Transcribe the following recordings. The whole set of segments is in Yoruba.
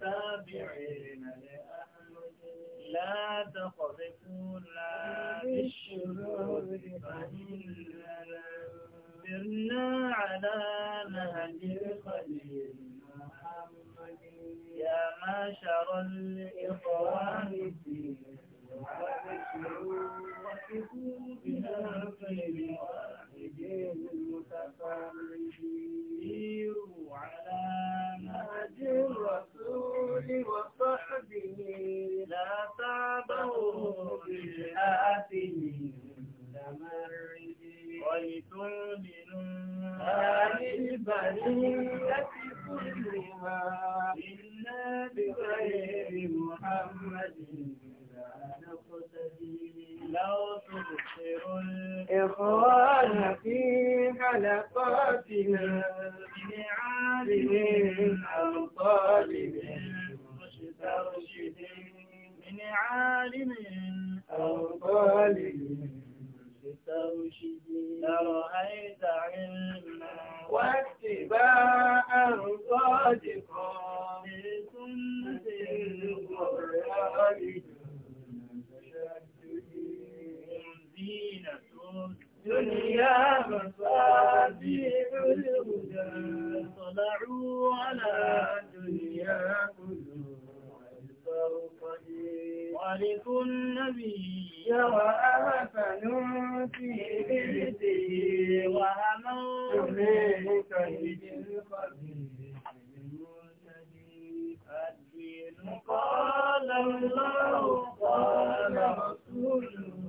تابعين لا تخذفونا بالشرور فإننا سرنا على نهج الخليل محمد يا معشر الإخوان فيه إلا بغير محمد لو الإخوان في حلقاتنا بنعالم أو طالب مرشد من عالم أو طالب مسترشد لرأيت علما واتباعا صادقا لسنة القرآن زينة دنيا مصابيح الهدى طلعوا على دنيا ورث النبي وألف نوتي بيتي وهموا به كيد الخبيث الدين قال الله قال رسوله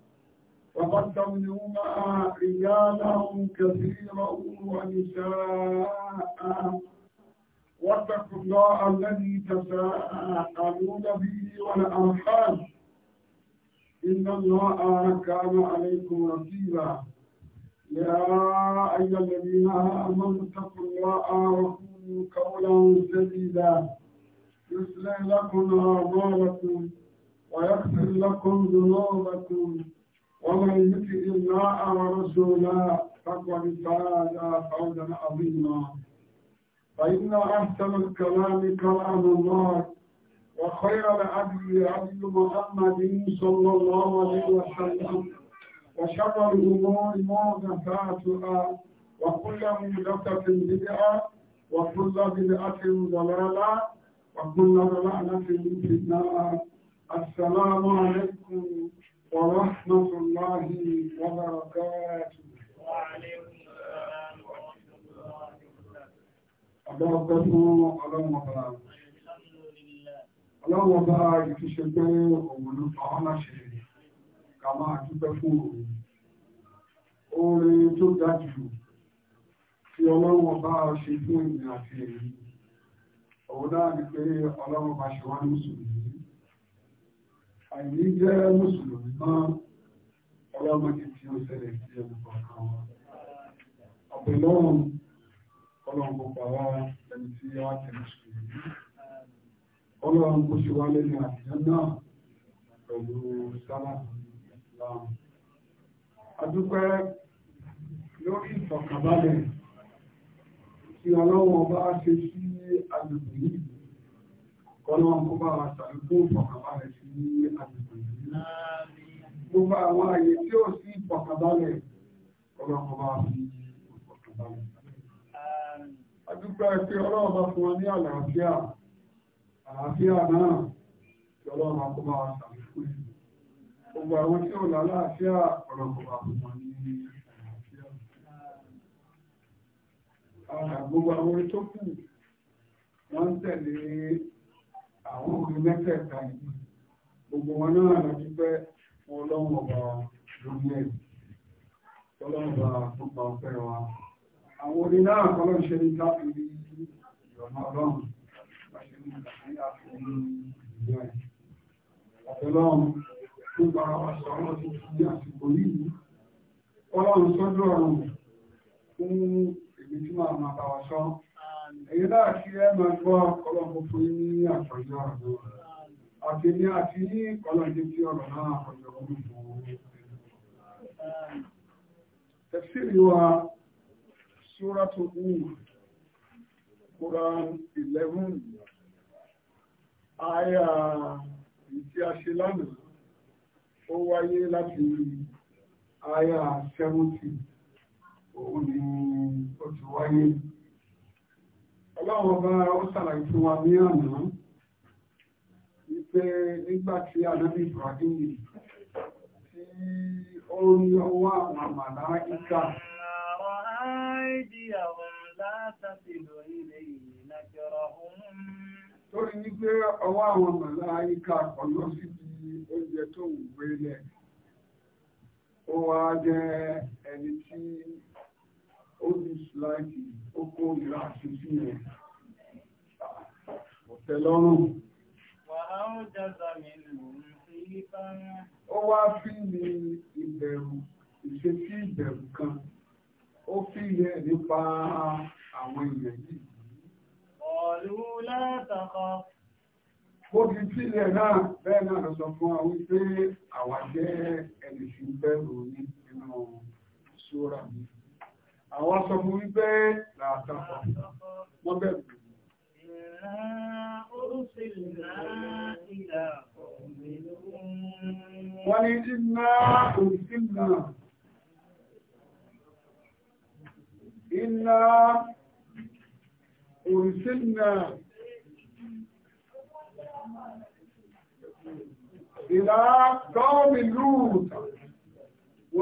وقد تمنون رجالهم كثيرا ونساء واتقوا الله الذي تساءلون به والأرحام إن الله كان عليكم رقيبا يا أيها الذين آمنوا اتقوا الله وكونوا قولا سديدا يصلح لكم أعمالكم ويغفر لكم ذنوبكم ومن يطع الله ورسوله فقد فاز فوزا عظيما فإن أحسن الكلام كلام الله وخير العدل عدل محمد صلى الله عليه وسلم وشر الأمور محدثاتها وكل محدثة بدعة وكل بدعة ضلالة وكل ضلالة في النار السلام عليكم ورحمة الله وبركاته وعليكم السلام ورحمة الله وبركاته Ọlọ́run bá ìfiṣẹ́ pé òun ló fa ọ́nà ṣe ká máa dúpẹ́ fún òun. Oore tó ga jù tí ọlọ́run bá ṣe fún ìrìn àti èyí, òun náà ni pé ọlọ́run bá ṣe wá ní Mùsùlùmí àyè jẹ́ mùsùlùmí náà ọlọ́mọdé tí ó ṣẹlẹ̀ sí ẹgbùgbọ̀n kan wọn àpẹlọ́run ọlọ́run kò pàwá ẹni tí a wá tẹ̀lé mùsùlùmí ọlọ́run kò ṣe wá lẹ́nu àtijọ́ náà pẹ̀lú sálàmù islam adúpẹ́ lórí ìfọ̀kànbalẹ̀ tí ọlọ́wọ́ bá ṣe sí agbègbè yìí kọ́lọ́wọ́n kó bá wa ṣàlékún ìfọ̀kànbalẹ̀ sí sí àgbègbè yìí gbogbo àwọn àyè tí ó sí ìfọ̀kànbalẹ̀ ọlọ́kọ̀ọ́bá fi ìfọ̀kànbalẹ̀ adúgbò ọlọ́ọ̀bá fún wa ní àlàáfíà àlàáfíà náà tí ọlọ́ọ̀bá kó máa ṣàfikún gbogbo àwọn tí ò lálàáfíà ọlọ́kọ̀ọ́bá fún wa ní àlàáfíà gbogbo àwọn tó kù wọ́n ń tẹ̀lé gbogbo wọn náà lọ sí pé fún ọlọ́run ọba lórí ọlọ́run ọba tó pa wa àwọn orí náà kọ́lọ́ ṣe ní káàkiri ìrọ̀nà ọlọ́run láti ní ìgbàlẹ́ àti ní ìlú ẹ̀ ọlọ́run sọ́dọ̀ ọ̀run fún èmi tí màá máa bá wa sọ èyí náà ẹ máa gbọ́ ọlọ́run fún yín ní àfọ̀yọ́ ọ̀run àti ní àti ní ọlọ́dé tí ọ̀rọ̀ náà ọjọ́ gbogbo tafsiri wa suratu um Quran 11 aya ìtí a ṣe lánàá ó wáyé láti aya 70 òun ni ó ti wáyé ọlọ́run ọba ó sàlàyé fún wa ní àná pé nígbà tí anábì Ibrahim tí ó ní ọwọ́ àwọn àmàlà ìka. Torí ní pé ọwọ́ àwọn àmàlà ìka kọ̀ síbi oúnjẹ tó ń gbélẹ̀. Ó wá jẹ́ ẹni tí ó ní ó kó Ó wá fi ní ìbẹ̀rù, ìṣesí ìbẹ̀rù kan, ó fi yẹ nípa àwọn èèyàn yìí. Ọ̀lú látàkọ́. Ó ti sílẹ̀ náà bẹ́ẹ̀ náà lọ sọ fún wa wípé àwa jẹ́ ẹni sí bẹ̀rù ní nínú ṣúra mi. Àwọn sọ fún wípé látàkọ́, wọ́n bẹ̀rù wọ́n ní iná òsìnà iná òsìnà ìlà gọ́ọ̀mì lúùtà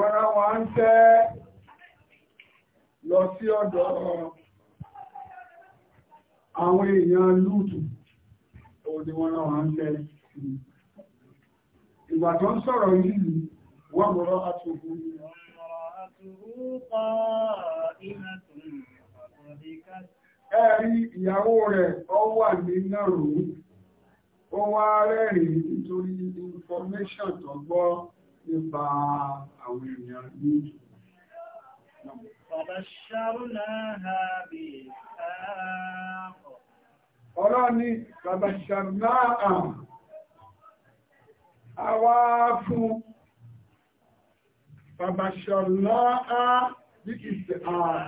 wọ́n ra wọ́n ń tẹ́ lọ sí ọ̀dọ̀ ọ̀rọ̀ àwọn èèyàn lúùtù òdí wọn náà wọ́n tẹ́ ìgbà tó ń sọ̀rọ̀ yìí wọ́n mọ́rọ̀ àtòkù ẹ̀rí ìyàwó rẹ̀ ọ wà ní nàrò ó wá rẹ́rìn nítorí information tó gbọ́ nípa àwọn èèyàn ní Ọlọ́ni Bàbàṣàrùnà àrùn, àwa fún Bàbàṣàrùnà á bí kì sí àrùn.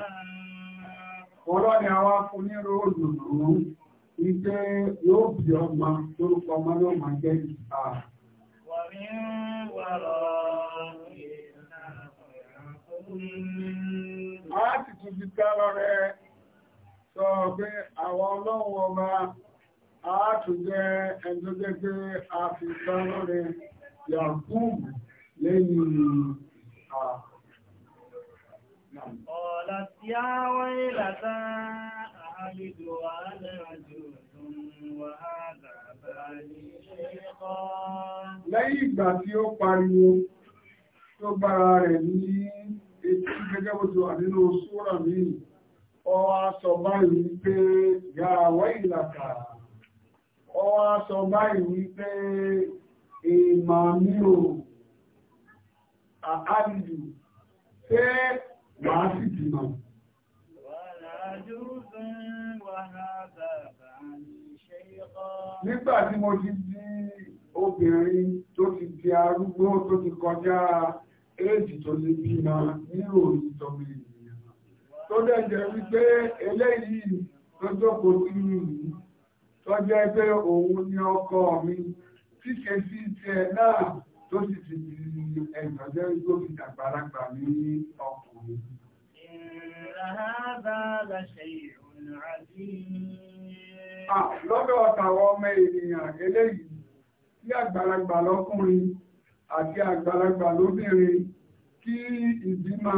Ọlọ́ni àwa fún ní róòlù rùn, ìgbé yóò bí ọmọ lórúkọ ọmọ náà máa jẹ́ àrùn. Wà ní wàrọ̀ ìrìnà a ti tún fi tẹ́lọ rẹ̀ sọ pé àwọn ọlọ́run ọba a tún jẹ́ ẹgbẹ́gbẹ́ tẹ́lọ rẹ̀ yàkùn lẹ́yìn lẹ́yìn ìgbà tí ó pariwo tó bára rẹ̀ ní ètí gẹ́gẹ́ bó ti wà nínú súra míì ọwá sọ báyìí wípé gàwẹ́ ìlàkà ọwá sọ báyìí wípé èèmọ̀ mi ò àádìdù pé wàá sì dìmọ̀. Nígbà mo ti di obìnrin tó ti di arúgbó tó ti kọjá éèdì tó lè bí ma nílò ìtọ́mọ ènìyàn tó dẹ̀jẹ̀ wípé eléyìí lọ́jọ́ kò sí nìyí tó jẹ́ pé òun ni ọkọ mi ṣíṣe sí tiẹ̀ náà tó sì ti di ẹ̀jọ̀jẹ́ tó fi dàgbàlagbà ní ọkùnrin. Lọ́dọ̀ ọ̀tàwọ̀ ọmọ ènìyàn eléyìí tí àgbàlagbà lọ́kùnrin àti àgbàlagbà lóbìnrin kí ìbímọ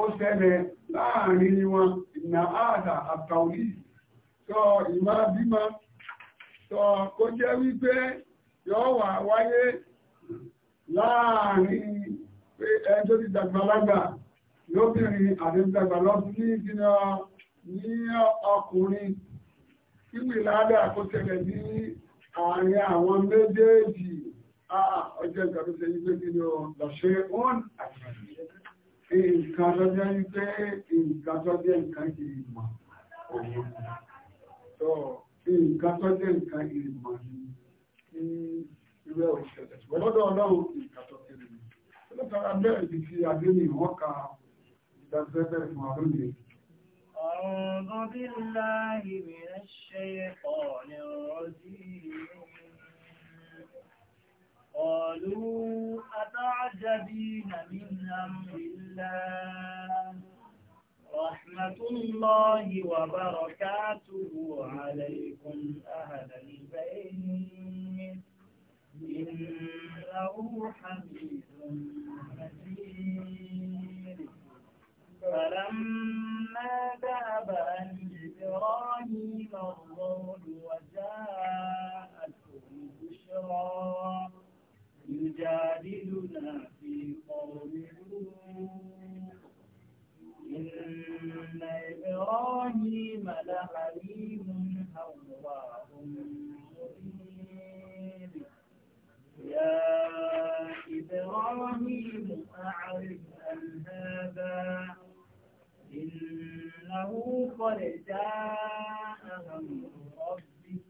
ó ṣẹlẹ̀ láàrin wọn ìnà àdà àtàwí sọ ìmá bímọ sọ kó jẹ́ wípé yóò wà wáyé láàrin ẹjọ́ ti dàgbàlagbà lóbìnrin àti dàgbàlọ́bìnrin kí ní ọkùnrin kí wìládà kó ṣẹlẹ̀ ní àárín àwọn méjèèjì Ah, ọjọ́ ìgbà tó ṣe wípé kí ni ọ lọ́ṣẹ́ òun àti nǹkan tó jẹ́ wípé nǹkan tó jẹ́ nǹkan ìmọ̀ òun tó nǹkan tó jẹ́ nǹkan ìmọ̀ ni kí irú ẹ̀ òṣèlè ṣùgbọ́n lọ́dọ̀ ọlọ́run nǹkan tó jẹ́ nǹkan látara bẹ́ẹ̀ ibi tí adé ní ìwọ́n ka ìdájẹ́bẹ̀ fún àlóyè. أعوذ بالله من الشيطان الرجيم قالوا أتعجبين من أمر الله رحمة الله وبركاته عليكم أهل البيت إنه حميد مجيد فلما لقد أمر ربك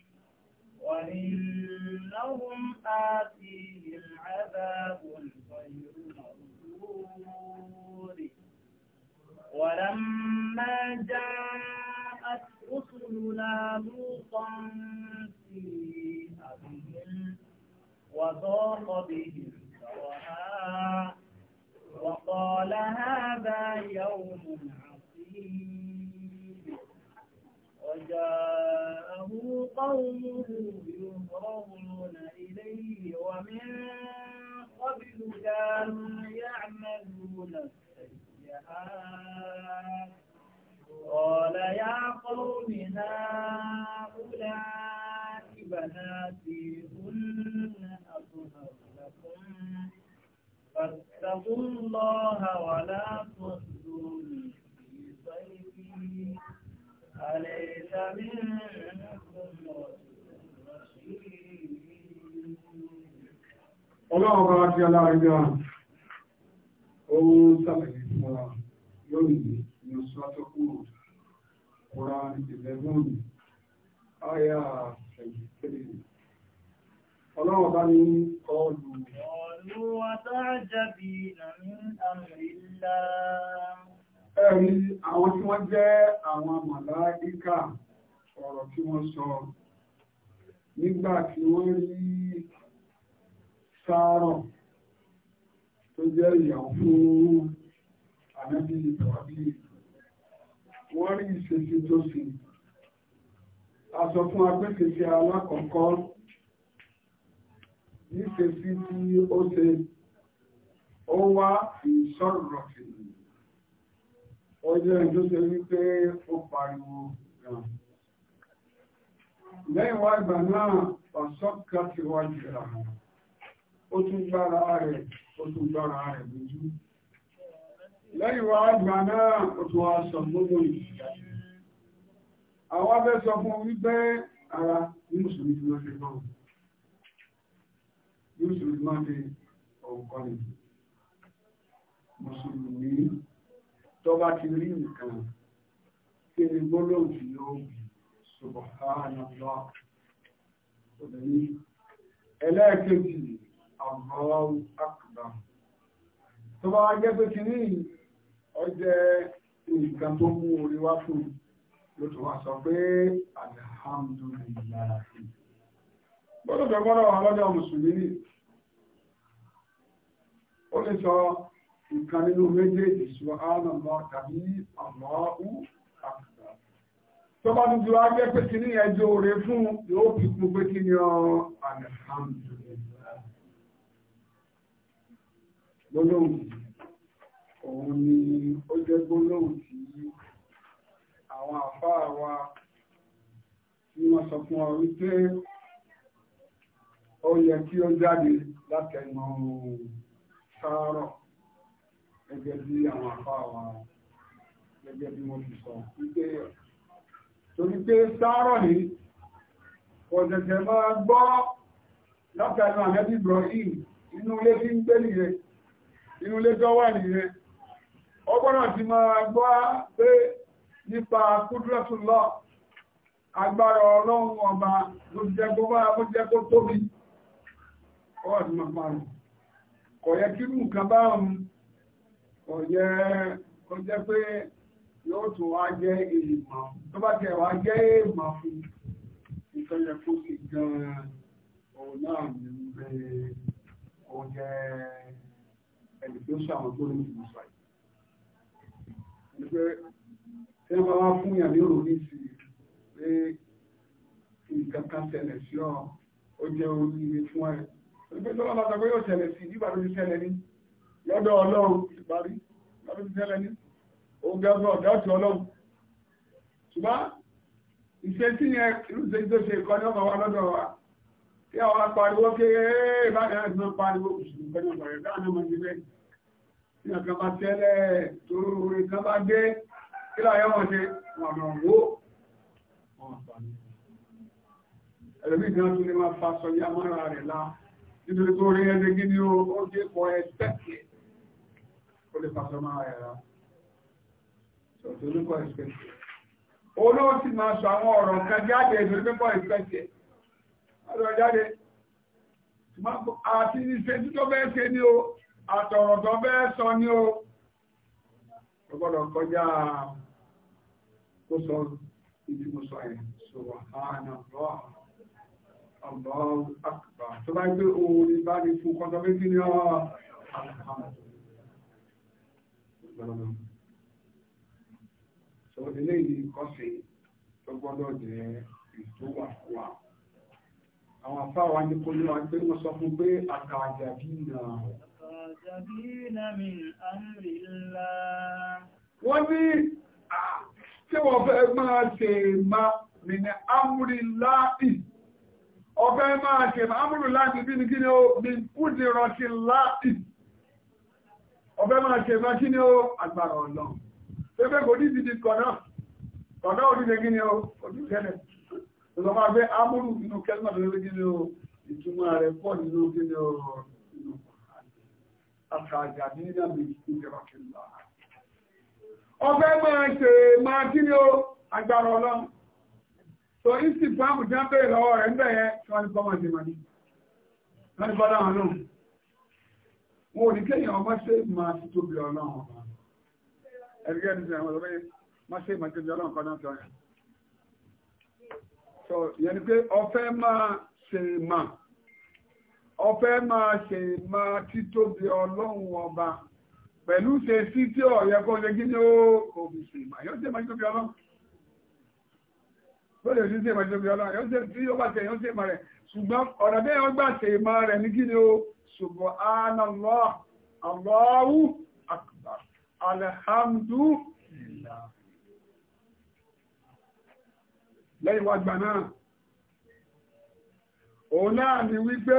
وإنهم آتيه العذاب الغير مردود ولما جاءت رسلنا لوطا سيئ بهم وضاق به واتقوا الله ولا تخزوني في ضيفي أليس منكم Ọlọ́run bá ti aláàrígbà ohun sàlàyé fúnra lónìí ni ó sọ tó kúrò Quran 11 ayah 23 ọlọ́run bá ní ọlù. Ọlú àtàjàbí ìlànà àmìlá. Ẹ̀rí àwọn tí wọ́n jẹ́ àwọn màláíkà ọ̀rọ̀ tí wọ́n sọ nígbà tí wọ́n rí sáárọ̀ tó jẹ́ ìyàwó fún ànábì ìtàwábí. Wọ́n rí ìṣesí tó sì. A fún agbẹ́kẹ̀ẹ́ alákọ̀ọ́kọ́ níṣe sí tí ó ṣe ó wá fi sọ̀rọ̀ sí ó jẹ́ tó ṣe wípé ó pariwo gan lẹ́yìn wá ìgbà náà ọ̀sọ́kà ti wá jìrà ó tún gbára rẹ̀ ó tún gbára rẹ̀ lójú lẹ́yìn wá ìgbà náà ó tún wá sọ gbogbo ìgbà àwọn abẹ́ fún wípé ara ní mùsùlùmí ti lọ́sẹ̀ náà You should not be uncommon. Mùsùlùmí tó bá ti rí nǹkan kí ni gbólóhùn tí yóò bì Subhanallah. Obìnrin ẹlẹ́ẹ̀kejì Allahu Akbar. Tó bá wá jẹ́ pé kí ní ọjẹ́ nǹkan tó mú orí wá fún ló tó wá sọ pé alhamdulillah. Gbọ́dọ̀ gbọ́dọ̀ wà lọ́dọ̀ Mùsùlùmí ó lè sọ nǹkan nínú méjèèjì subhanallah tàbí Allahu akbar tó bá dúdú wá jẹ́ pé kí ní ẹjọ́ rẹ fún yóò fi kún pé kí ní ọ àwọn àfáà wa tí wọ́n sọ fún ọ wípé ó yẹ kí ó jáde látẹnu ọ̀hún sáárọ̀ gẹ́gẹ́ bí àwọn àpá wa gẹ́gẹ́ bí wọ́n ti sọ wípé torí pé sáárọ̀ ní ọ̀dẹ̀dẹ̀ máa gbọ́ látàrí àmẹ́bí Ibrahim inú ilé tí ń gbé nìyẹn inú ilé tó wà nìyẹn ọgbọ́nà ti máa gbọ́ pé nípa kúdúrẹ́tùlọ́ agbára ọlọ́run ọba ló jẹ́ kó tóbi ọwọ́ ti máa kọ̀yẹ kí mú kan bá ń kọ̀yẹ kọjẹ́ pé yóò tún wá jẹ́ èèmọ̀ tó bá tẹ̀ wá jẹ́ èèmọ̀ fún ìtọ́jẹ kó sì gan-an òun náà ní pé ó jẹ́ ẹni tó ṣàwọn tó ní ìlú sọ yìí. ẹni pé ṣé wọ́n wá fún yàn ní òròyìn sí pé nǹkan kan ṣẹlẹ̀ sí ọ ó jẹ́ oríire fún ẹ̀ ìgbésọ́lá máa sọ pé yóò ṣẹlẹ̀ sí nígbà tó ti ṣẹlẹ̀ ní lọ́dọ̀ ọlọ́run ìparí lọ́dọ̀ ti ṣẹlẹ̀ ní òun gẹ́gọ́ ọ̀dọ́ ti ọlọ́run ṣùgbọ́n ìṣe tí yẹn irúṣe tó ṣe ìkọ́ni ọmọ wa lọ́dọ̀ wa tí àwọn apariwo kéré ìbáraẹ̀ náà ti máa pariwo òṣùlù pẹ̀lú ọ̀rẹ́ dáná mọ́ ní bẹ́ẹ̀ tí wọn kan bá tẹ́lẹ̀ tó orin kan bá dé kí láyọ̀ wọn ṣe wọn lọ wó ẹlòmíì kan tún lè máa fa sọ yá mọ́ra rẹ̀ láà nítorí tó rí ẹni kí ni ó dé pọ̀ ẹ tẹ́kì ó lè pàṣọ máa yàrá ìtòrí pọ̀ ìpẹ́kì olóò sì máa sọ àwọn ọ̀rọ̀ kan jáde ìtòrí pọ̀ ìpẹ́kì ọ̀rọ̀ jáde àti ìṣẹ́ tí tó bẹ́ẹ̀ ṣe ni o àtọ̀rọ̀ tó bẹ́ẹ̀ sọ ni o ọgbọ́dọ̀ kọjá kó sọ ìdí mo sọ ẹ̀ sọ wà á náà lọ́wọ́ Allahu akbar tó bá gbé orin bá ní fún kọ́ntọ́mẹ́tì ní ọ́ So ilé yìí kọ́sì tó gbọ́dọ̀ jẹ́ ìtòwàkúwà. Àwọn afáà wa ní kó ní wa pé wọ́n sọ fún pé àkàjàbí náà. Àkàjàbí náà min amrillah. Wọ́n ní tí ah, wọ́n fẹ́ máa ṣe máa min amrillah ọ̀fẹ́ máa ṣe máàmùrù láti bí ní kí ni ó bí kúdì rọ̀tí láti ọ̀fẹ́ máa ṣe máa kí ni ó agbára ọ̀nà pẹ́pẹ́ kò ní ìdí kọ̀nà kọ̀nà òdíje kí ni ó ojúkẹ́lẹ̀ ìjọba gbé ámùrù inú kẹ́lá lórí kí ni ó ìtumọ̀ rẹ̀ pọ̀ nínú kí ni ó inú àtàjà ní ìdàbí ìjọba kí so isi báàmù tí wọ́n bèèrè lọ́wọ́ rẹ̀ ń bẹ̀ yẹ kí wọ́n ní bọ́mọ̀ sí mọ̀ní wọ́n ní bọ́dá wọn náà wọn ò ní kéèyàn ọmọ ṣe máa ti tóbi ọlọ́run ọba ẹgbẹ́ ẹni sẹ́yìn ọlọ́run yẹn má ṣe máa tóbi ọlọ́run kan náà sọ yẹn so yẹn ni pé ọfẹ́ máa ṣe máa pẹ̀lú ṣe sí tí ọ̀yẹ́ kó ó kò fi ṣe máa yóò ṣe máa títóbi tó lè ṣe ìmọ̀ ìṣòkè ọlọ́run yóò ṣe tí yóò bá ṣe yóò ṣe ìmọ̀ rẹ̀ ṣùgbọ́n ọ̀rọ̀ bẹ́ẹ̀ wọ́n gbà ṣe ìmọ̀ rẹ̀ ní kíni o subhanallah Allahu akbar alhamdulillah lẹ́yìn wá gbà náà òun náà ni wípé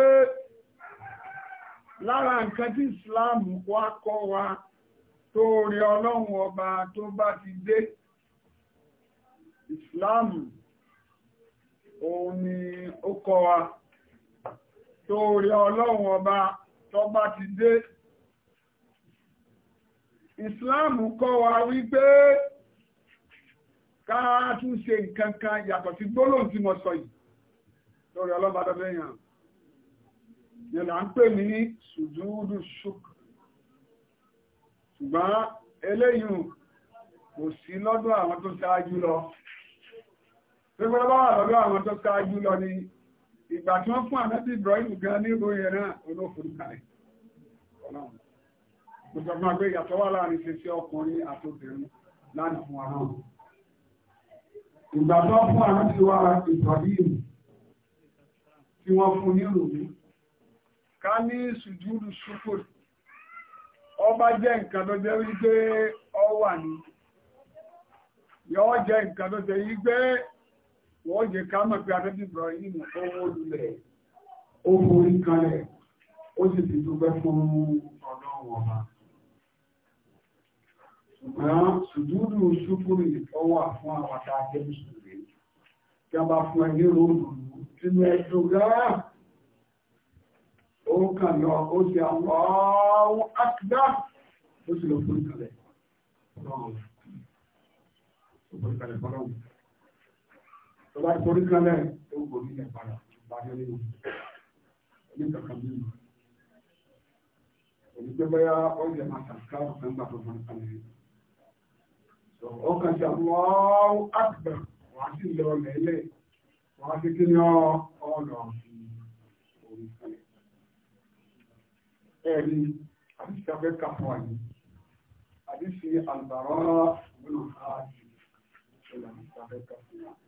lára nǹkan tí Islam wá kọ́ wa tó rí ọlọ́run ọba tó bá ti dé Islam òun ni ó kọ́ wa tó rí ọlọ́run ọba tó bá ti dé ìsìláàmù kọ́ wa wípé ká tún ṣe nǹkan kan yàtọ̀ sí gbólóhùn tí mo sọ yìí tó rí ọlọ́ba tó yẹ̀là ń pè ní sùdúdù ṣùk ṣùgbọ́n eléyìí kò sí lọ́dọ̀ àwọn tó ṣáájú lọ pẹ́pẹ́ lọ́wọ́ àlọ́lọ́ àwọn tó ṣáájú lọ ni ìgbà tí wọ́n fún àmẹ́sì Ibrahim gan ní ìròyìn náà olófòrú kalẹ̀ mo sọ fún ìyàtọ̀ ọba jẹ́ nǹkan tó jẹ́ wípé ọ wà ní yọ jẹ́ nǹkan tó jẹ́ wípé wọ́n jẹ ká mọ̀ pé adébí Ibrahim owó lulẹ̀ owó ìkanlẹ̀ ó sì fi dúpẹ́ fún ọ̀dọ́ wọn bá ṣùgbọ́n ṣùdúrù ṣúkúrì ọwọ́ fún àwàdà adébí ṣùgbọ́n tí a bá fún ẹni ròdùn nínú ẹ̀dùn gáà ó kàn lọ ó sì àwọn àkìdá ó sì lọ fún tó bá torí kálẹ̀ tó gbòmí ẹ̀ padà bá ní nínú ní kankan bí mi. Èyí pé bóyá oúnjẹ máa tàkà ọ̀sán gbà tó fún ìkànnì rẹ̀. Ó kàn sí àwọn àgbà wà sí ilẹ̀ ọ̀lẹ̀ ilé wà sí kí ni ọ̀nà fi orí kalẹ̀. Ẹ̀rí àdìsí abẹ́ kàfọ́ àyè àdìsí àlùbárọ́ gbọ́dọ̀ ká ìṣẹ̀lẹ̀ àdìsí abẹ́ kàfọ́ àyè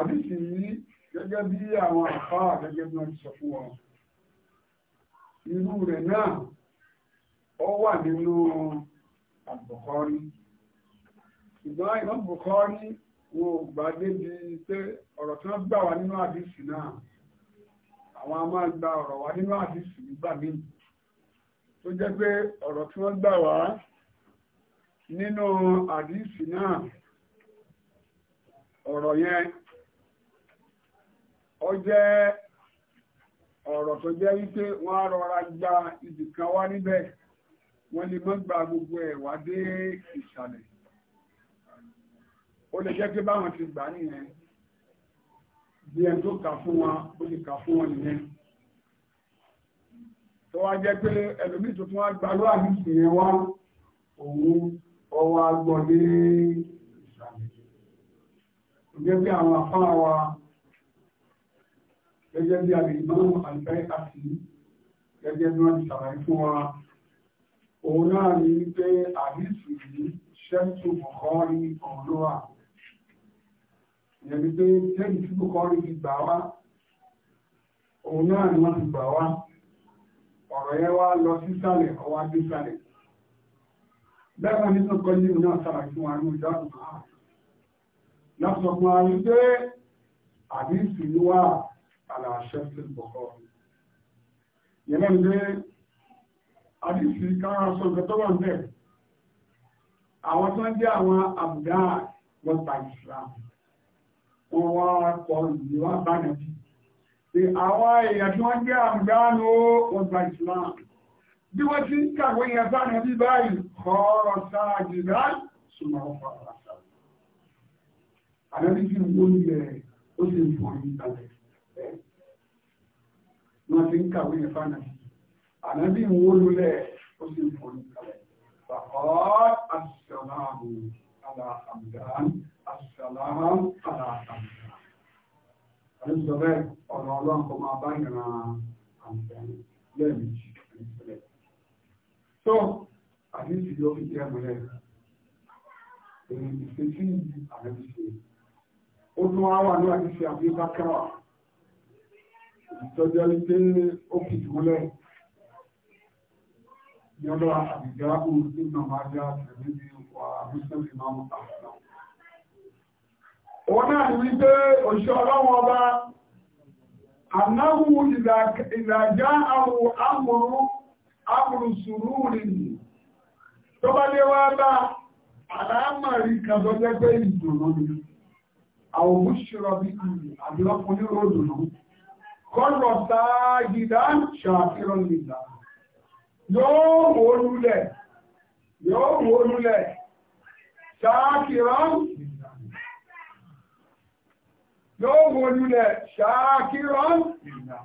àdìsí yìí gẹ́gẹ́ bí àwọn àfá gẹ́gẹ́ bí wọ́n ti sọ fún wọn irú rẹ̀ náà ó wà nínú àbùkọ́rí ṣùgbọ́n ìmọ̀ àbùkọ́rí wọn ò gbà débi pé ọ̀rọ̀ tí wọ́n gbà wá nínú àdìsí náà àwọn a máa gba ọ̀rọ̀ wá nínú àdìsí nígbà míì tó jẹ́ pé ọ̀rọ̀ tí wọ́n gbà wá nínú àdìsí náà ọ̀rọ̀ yẹn ó jẹ́ ọ̀rọ̀ tó jẹ́ wípé wọ́n á rọra gba ibì kan wá níbẹ̀ wọ́n lè mọ́ gba gbogbo ẹ̀ wá dé ìsàlẹ̀ ó lè jẹ́ pé báwọn ti gbà nìyẹn bí ẹni tó kà fún wọn ó lè kà fún wọn nìyẹn tó wá jẹ́ pé ẹlòmíì tó wá gba ló àdìsí yẹn wá òun ọwọ́ agbọ̀n ní ìsàlẹ̀ ó jẹ́ àwọn afárá wa gẹ́gẹ́ bí abìmọ́ àlùbáyé àti gẹ́gẹ́ bí wọ́n ti ṣàlàyé fún wa òun náà ní pé àdìsí yìí ṣẹ́ntù bùkọ́rí ọ̀rọ̀ wà ìyẹn ni pé tẹ́lì tí bùkọ́rí ti gbà wá òun náà ni wọ́n ti gbà wá ọ̀rọ̀ yẹn wá lọ sísàlẹ̀ ọwá dísàlẹ̀ bẹ́ẹ̀ nínú kọjú náà ṣàlàyé fún wa ní ìdáhùn náà lọ́sọ̀kùn àrí pé àdìsí wà àlàáṣẹ́ sí ìbọ̀kọ́ yẹn náà ní àdìsí káwọn aṣọ ìgbẹ́ tó wà ń bẹ̀ àwọn tó ń jẹ́ àwọn àbùdá wọn ta Islam wọn wá kọ ìwà bánàbí pé àwọn èèyàn tí wọ́n jẹ́ àbùdá ní wọn ta Islam bí wọ́n ti ń kàwé yẹn bánàbí báyìí kọ́ọ̀rọ̀ sáà jìdá súnmọ́ ọ̀pọ̀ àwọn wọ́n ti ń kàwé yẹn fánà ànábì ń wólulẹ̀ ó sì ń forí kalẹ̀ bàbá asàlámù aláàmùdán asàlámù aláàmùdán àdúgbòbẹ́ ọ̀rọ̀ ọlọ́run kò máa bá ìran àmùdání lẹ́ẹ̀mejì àdúgbòbẹ́ tó àdúgbò yóò fi jẹ́ mọ́lẹ̀ èyí ìfẹ́sí àdúgbò ó tún wá wà ní àdúgbò àbí bákẹ́wàá ìtọ́jọ́ wípé ó fi ìmúlẹ̀ yọ́lọ́ àbìjáàbù nínú àmájá tẹ̀lé ní wà mùsùlùmí máa mú àṣà. Wọ́n náà ni wípé òṣìṣẹ́ ọlọ́wọ́ ọba ìlàjá àwọn tó bá lé bá àlámàrí kàbọ́jẹ́gbẹ́ ìdùnnú Àwọn òṣìṣẹ́ ọbí ròdùnnú. kọ́lọ̀ sáàgìdá ṣàkírọ̀ nìlá yóò wó lulẹ̀ yóò wó lulẹ̀ ṣàkírọ̀ nìlá yóò wó lulẹ̀ ṣàkírọ̀ nìlá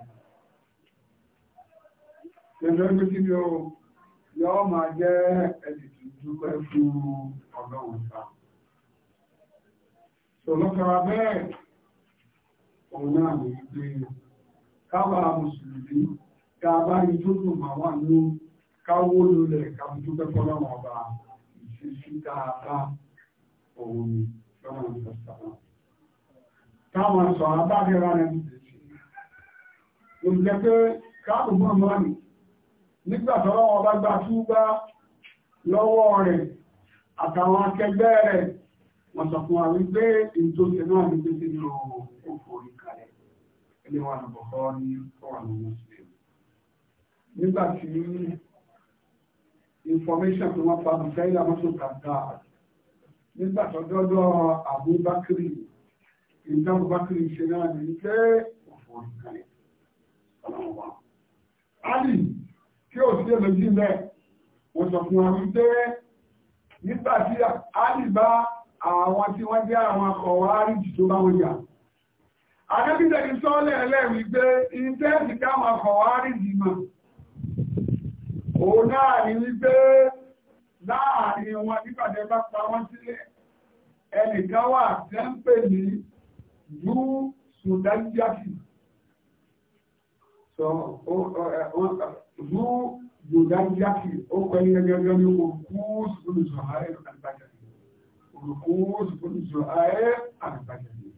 ẹ̀lọ́ ibi tí ni ó yọ́ máa jẹ́ ẹni tí dúpẹ́ fún ọlọ́run ta ṣòlọ́kọ̀ọ́ bẹ́ẹ̀ òun náà ní gbé káwa mùsùlùmí ká bá ní tó dùn máa wà ní káwó lulẹ̀ ká tó fẹ́ fọ́lá wọn bá ìṣesí dáadáa òun ni lọ́nà ìfọ̀sọ̀rọ̀. Táwọn sọ abáfẹ́ra rẹ̀ ti ṣe. Mo jẹ́ pé káàbù mọ́ mọ́ ni nígbà tọ́lọ́ wọn bá gba túbá lọ́wọ́ rẹ̀ àtàwọn akẹgbẹ́ rẹ̀ wọ́n sọ fún wa náà ní pé sí ọ̀rọ̀ ilé wa àbọ̀kọ́ ní ọ̀wà ní mùsùlùmí. nígbà tí information tó wọ́n fa mùsáìlà mọ́tò kàdá nígbà tó dọ́dọ̀ àbúbákiri ìjọba àbúbákiri ṣe náà ní jẹ́ òfò ìkàlẹ̀ ọlọ́wọ́. Ali kí o sí èlòjì mẹ́ wọ́n sọ fún wa wípé nígbà tí Ali bá àwọn tí wọ́n jẹ́ àwọn akọ̀wárí tó bá wọn jà Adébítẹ̀kì sọ́lẹ̀ ẹlẹ́rìí pé ìtẹ́ẹ̀sì káwọn àfọ̀wárí dìmọ̀. Òun náà ni wípé láàrin wọn nípàdé bá pa wọ́n sílẹ̀. Ẹnìkan wà tẹ́ ń pè ní Yú Sùdájíàkì. Yú Sùdájíàkì ó pẹ̀lú gẹ́gẹ́ ní òkú Sùdájíàkì. Òkú Sùdájíàkì àgbàjẹ̀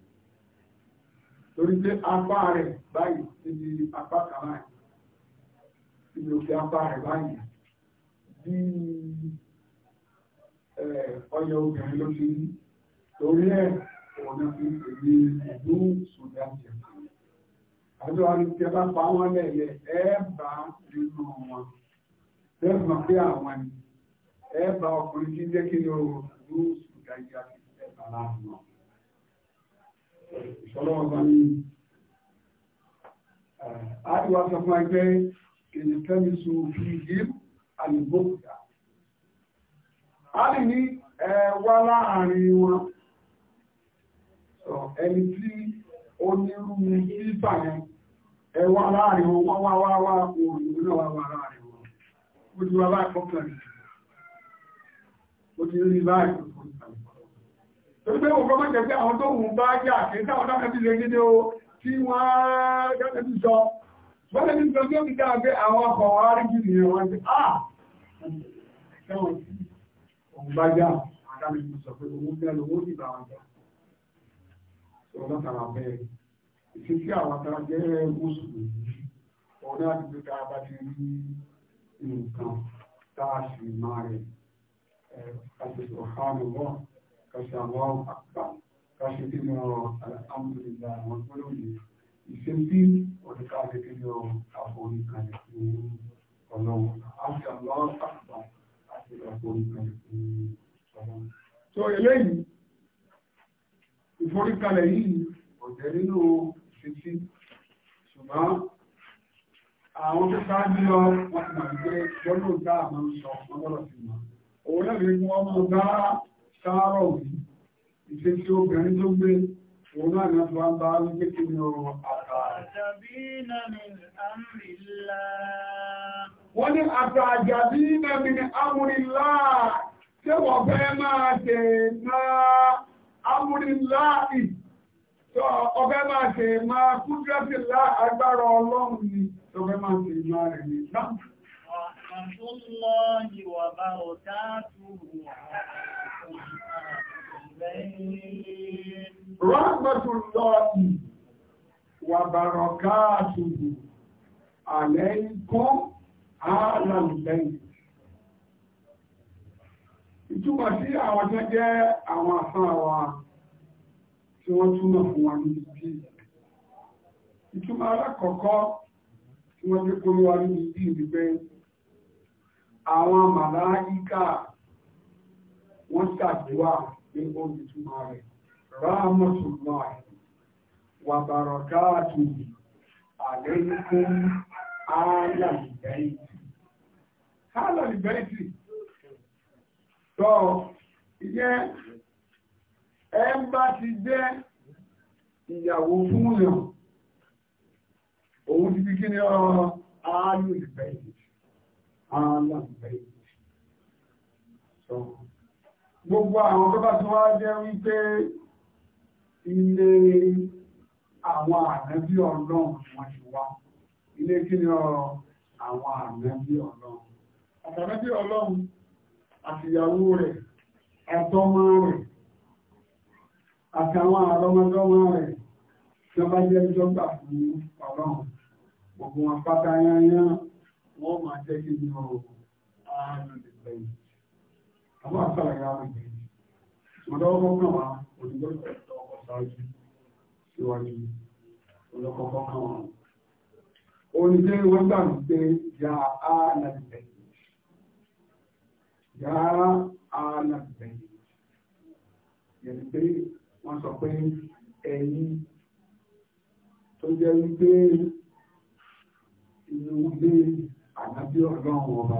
torí pé apá rẹ̀ báyìí níbi apá kan báyìí níbi òkè apá rẹ̀ báyìí bí ọyọ obìnrin ló ṣe rí torí ẹ̀ ọ̀nà fi èdè ìlú sùdá jẹ àjọ àríkẹ́ bá pa wọ́n lẹ́yẹ ẹ bá nínú wọn lẹ́gbọ̀n pé àwọn ni ẹ bá ọkùnrin kí jẹ́ kí ló rú sùdá jẹ àti ẹ̀bà láàrín wọn ìṣọ́lọ́wọ́ bá ní àdúwà sọ ẹgbẹ́ ìlẹ̀kẹ́mìsù fi yìí a lè ní ẹwà láàrin wọn ẹni tí ó nírú pípà yẹn ẹwà láàrin wọn wọ́n wá wá wá òòrùn náà láàrin wọn tó gbé òkọ́ mọ́ jẹ́ pé àwọn tó wùn bá yà kí táwọn o tí wọ́n dákàtí sọ bọ́lẹ̀ ní tó gbé dáa pé àwọn ọkọ̀ wá rí jù ní ah! wọ́n ti à ẹ̀wọ̀n tí òun bá yà àdámẹ́sì sọ pé owó bẹ́ẹ̀ lówó ti bá wọn jà ọlọ́tara bẹ́ẹ̀ ìṣesí àwọn atara jẹ́ mùsùlùmí ọ̀rẹ́ àdúgbò tá a bá ti rí a sì máa rẹ̀ ẹ̀ àti ọ̀hánù kàṣẹ àwọn àpá kàṣẹ tí mo rọ àlàáfíà àwọn gbọ́dọ̀ yìí ìṣesí òdìkà àdékèké ọ àforí kalẹ̀ fún ọlọ́run àti àwọn àpá àti àforí kalẹ̀ fún ọlọ́run. tó eléyìí ìforíkalẹ̀ yìí ọ̀jẹ̀ nínú ìṣesí ṣùgbọ́n àwọn tó sáájú lọ wọ́n ti mọ̀ pé gbọ́dọ̀ dá àwọn sọ ọlọ́rọ̀ sí wọn òun náà lè mú ọmọ dáa sáárọ̀ wí ìṣe tí obìnrin tó gbé òun náà náà tó wá bá wípé kí ni ọ̀rọ̀ wọ́n ní àtàjàbí nàmì ní amúrìlá tí wọ́n fẹ́ máa tẹ̀ náà amúrìlá ì tó ọbẹ̀ máa lá agbára ọlọ́run ni tó fẹ́ máa tẹ̀ Wà á tún lọ́ọ̀yì wà Rahmatullahi wa barakatuhu alaykum alàlùbẹ́yìn. Ìtúmọ̀ sí àwọn tó jẹ́ àwọn àfáà wa tí wọ́n túmọ̀ fún wa ní ibi. Ìtúmọ̀ alákọ̀ọ́kọ́ tí wọ́n jẹ́ kóró wa ní ibi ìgbẹ́ àwọn màláíkà wọ́n ṣàdúrà ní orí túnmà rẹ̀ rahmatullahi wa barakatuhu alaykum alàlìbẹ́ẹ̀tì alàlìbẹ́ẹ̀tì tọ́ ìyẹ́ ẹ bá ti jẹ́ ìyàwó fún yàn òun ti fi kí ni ọ̀rọ̀ alàlìbẹ́ẹ̀tì alàlìbẹ́ẹ̀tì tọ́ gbogbo àwọn tó bá tí wá jẹ́ wípé ilé àwọn ànábí ọlọ́run wọ́n ti wá ilé kí ni ọ̀rọ̀ àwọn ànábí ọlọ́run àtànábí ọlọ́run àtìyàwó rẹ̀ àtọmọ rẹ̀ àtàwọn àrọmọdọ́mọ rẹ̀ tí wọ́n bá jẹ́ ìjọba fún ọlọ́run gbogbo wọn pátá yányán wọ́n máa jẹ́ kí ni ọ̀rọ̀ ààrùn ìgbẹ̀yìn àwọn àṣàlàyé àwọn ìgbẹ̀yìn ìmọ̀lọ́wọ́ kan wà wọ́n sọ pé ẹ̀yin tó jẹ́ wípé inú ilé ànábí ọlọ́run ọba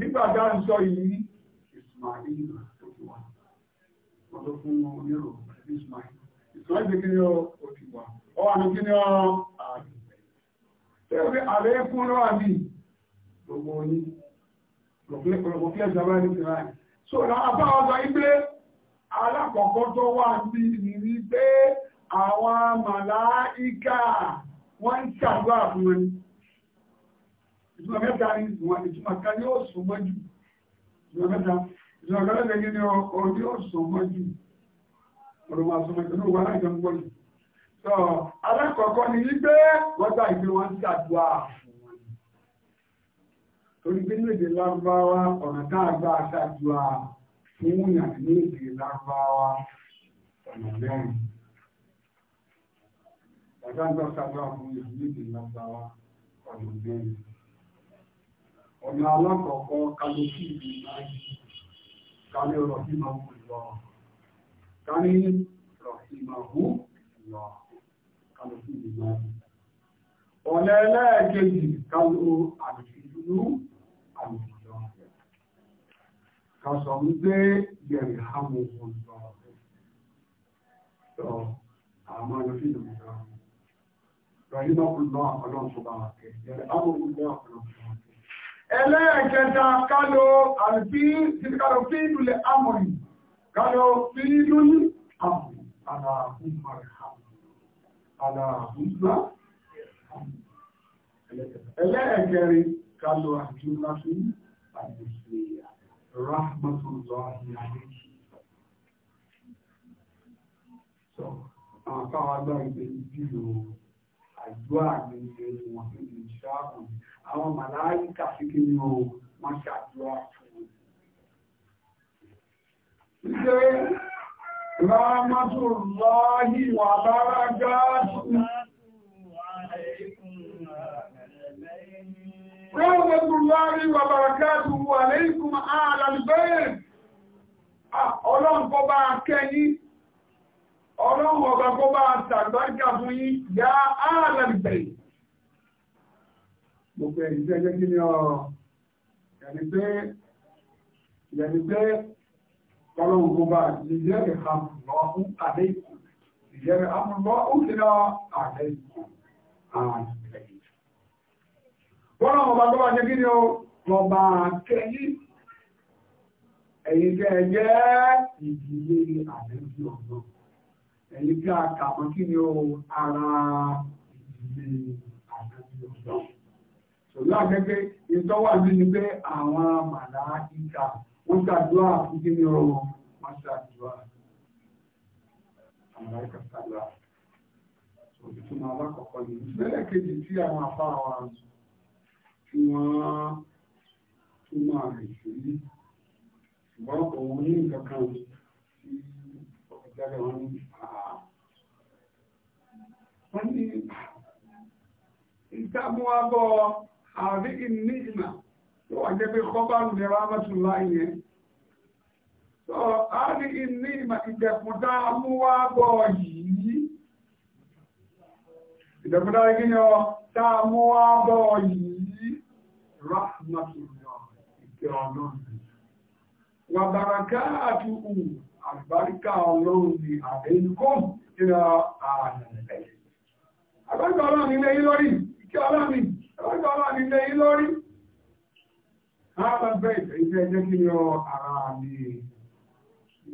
nígbàdá ń sọ yìí Ismail tó ti wà wọ́n tó fún onírò Ismail Ismail ti kíni ó ti wà ó wà ní kíni ó ààrẹ tẹ́lẹ̀ ààrẹ fún lọ́wọ́ mi gbogbo ní lọ́pọ̀lọpọ̀ ìjọba ní ti ráì so láàbá ọgbà ibé alákọ̀ọ́kọ́ tó wà ní ìrírí pé àwọn màláíkà wọ́n ń ṣàdúrà fún wọn ìtumọ̀ mẹ́ta ní ìwọ̀n ìtumọ̀ kan ní òsò mọ́jú ìtumọ̀ mẹ́ta ìtumọ̀ kan lẹ́gbẹ̀ẹ́ ní ọdí òsò mọ́jú ọ̀rọ̀ máa sọ mẹ́ta ní òwò aláìjọ ń gbọ́lù sọ alákọ̀ọ́kọ́ ni wípé wọ́n gbà ìgbé wọn ń ṣàdúrà fún wọn torí pé ní èdè lárúbáwá ọ̀nà tá a gbà ṣàdúrà fún yàn ní èdè lárúbáwá ọ̀nà mẹ́rin Bàbá ń gbà ṣàdúrà fún yàn ní èdè lárúbáwá ọ̀nà mẹ́rin ọ̀nà alákọ̀ọ́kọ́ kalókì ìrìnàjì kalé rọ̀hìmáhù lọ kalé rọ̀hìmáhù lọ kalókì ìrìnàjì ọ̀nà ẹlẹ́ẹ̀kejì kaló àdìsílú àdìsílọ kàṣọ ń gbé yẹ̀rì hámòhù lọ sọ àmọ́ ìrìnàjì lọ rọ̀hìmáhù lọ àpọ̀lọ́sọ̀bà yẹ̀rì hámòhù lọ àpọ̀lọ́sọ̀bà ẹlẹ́ẹ̀kẹta kálọ àti kálọ fíìlúlẹ̀ amọ̀rì kálọ fíìlúlẹ̀ amọ̀rì aláàbùnmọ̀ ẹlẹ́ẹ̀kẹrin kálọ àti láti àdìsí rahmatullah alayhi so àwọn akáwà gbá ìgbé ìbílò àjọ àgbẹ̀yẹ wọn ní ìṣàkùnrin àwọn màláíkà sí kí ni wọn wọ́n ṣàdúrà fún un. Ṣé Rámátù lọ́yí wà bára gáàsù? Rámátù lọ́yí wà bára gáàsù wà lẹ́yìnkùn àlàlùbẹ́rẹ̀. Ọlọ́run kó bá kẹ́yìn, ọba kó bá ṣàgbáríkà fún yí, yá àlàlùbẹ́rẹ̀ gbogbo ẹ̀yìn tẹ́ jẹ́ kí ni ọ̀rọ̀ yàní pé yàní pé ọlọ́run kó bá ìyẹ́rẹ̀ àmúlọ́ọ̀hún àdéhùn ìyẹ́rẹ̀ àmúlọ́ọ̀hún kí ni àdéhùn àdéhùn. wọ́n náà ọba tó bá jẹ́ kí ni ó lọ́ba kẹ́yìn ẹ̀yìn tẹ́ jẹ́ ìdílé àdéhùn ọ̀dọ́ ẹ̀yìn tí a kà mọ́ kí ni ó ara ìdílé àdéhùn ọ̀dọ́ ṣòlá gẹ́gẹ́ ìtọ́wà ní ni pé àwọn màláíkà wọ́n ṣàdúrà fún kí ní ọrọ̀ wọn wọ́n ṣàdúrà màláíkà ṣàdúrà òtútùmọ̀ alákọ̀ọ́kọ́ yìí ìṣẹ́lẹ̀ kejì tí àwọn afá wa tí wọ́n túmọ̀ rẹ̀ sí ṣùgbọ́n òun ní nǹkan kan tí ọ̀gá wọn ní àá wọ́n ní ìtàmú abọ́ àbí ìní ìmà tó wà jẹ́ pé kọ́bárù ní rámàtúlá yẹn tó àbí ìní ìmà ìdẹ̀kùndá amúwábọ̀ yìí ìdẹ̀kùndá yìí ni ọ tá amúwábọ̀ yìí rámàtúlá ìkẹ́ ọlọ́run wà bàràká àti ù àbáríkà ọlọ́run ilé yìí ìkẹ́ ọlọ́run Ọjọ́ ọlọ́ ni lé yí lórí. Àwọn bẹ́ẹ̀ ìfẹ́ jẹ́ kí yọ ara mi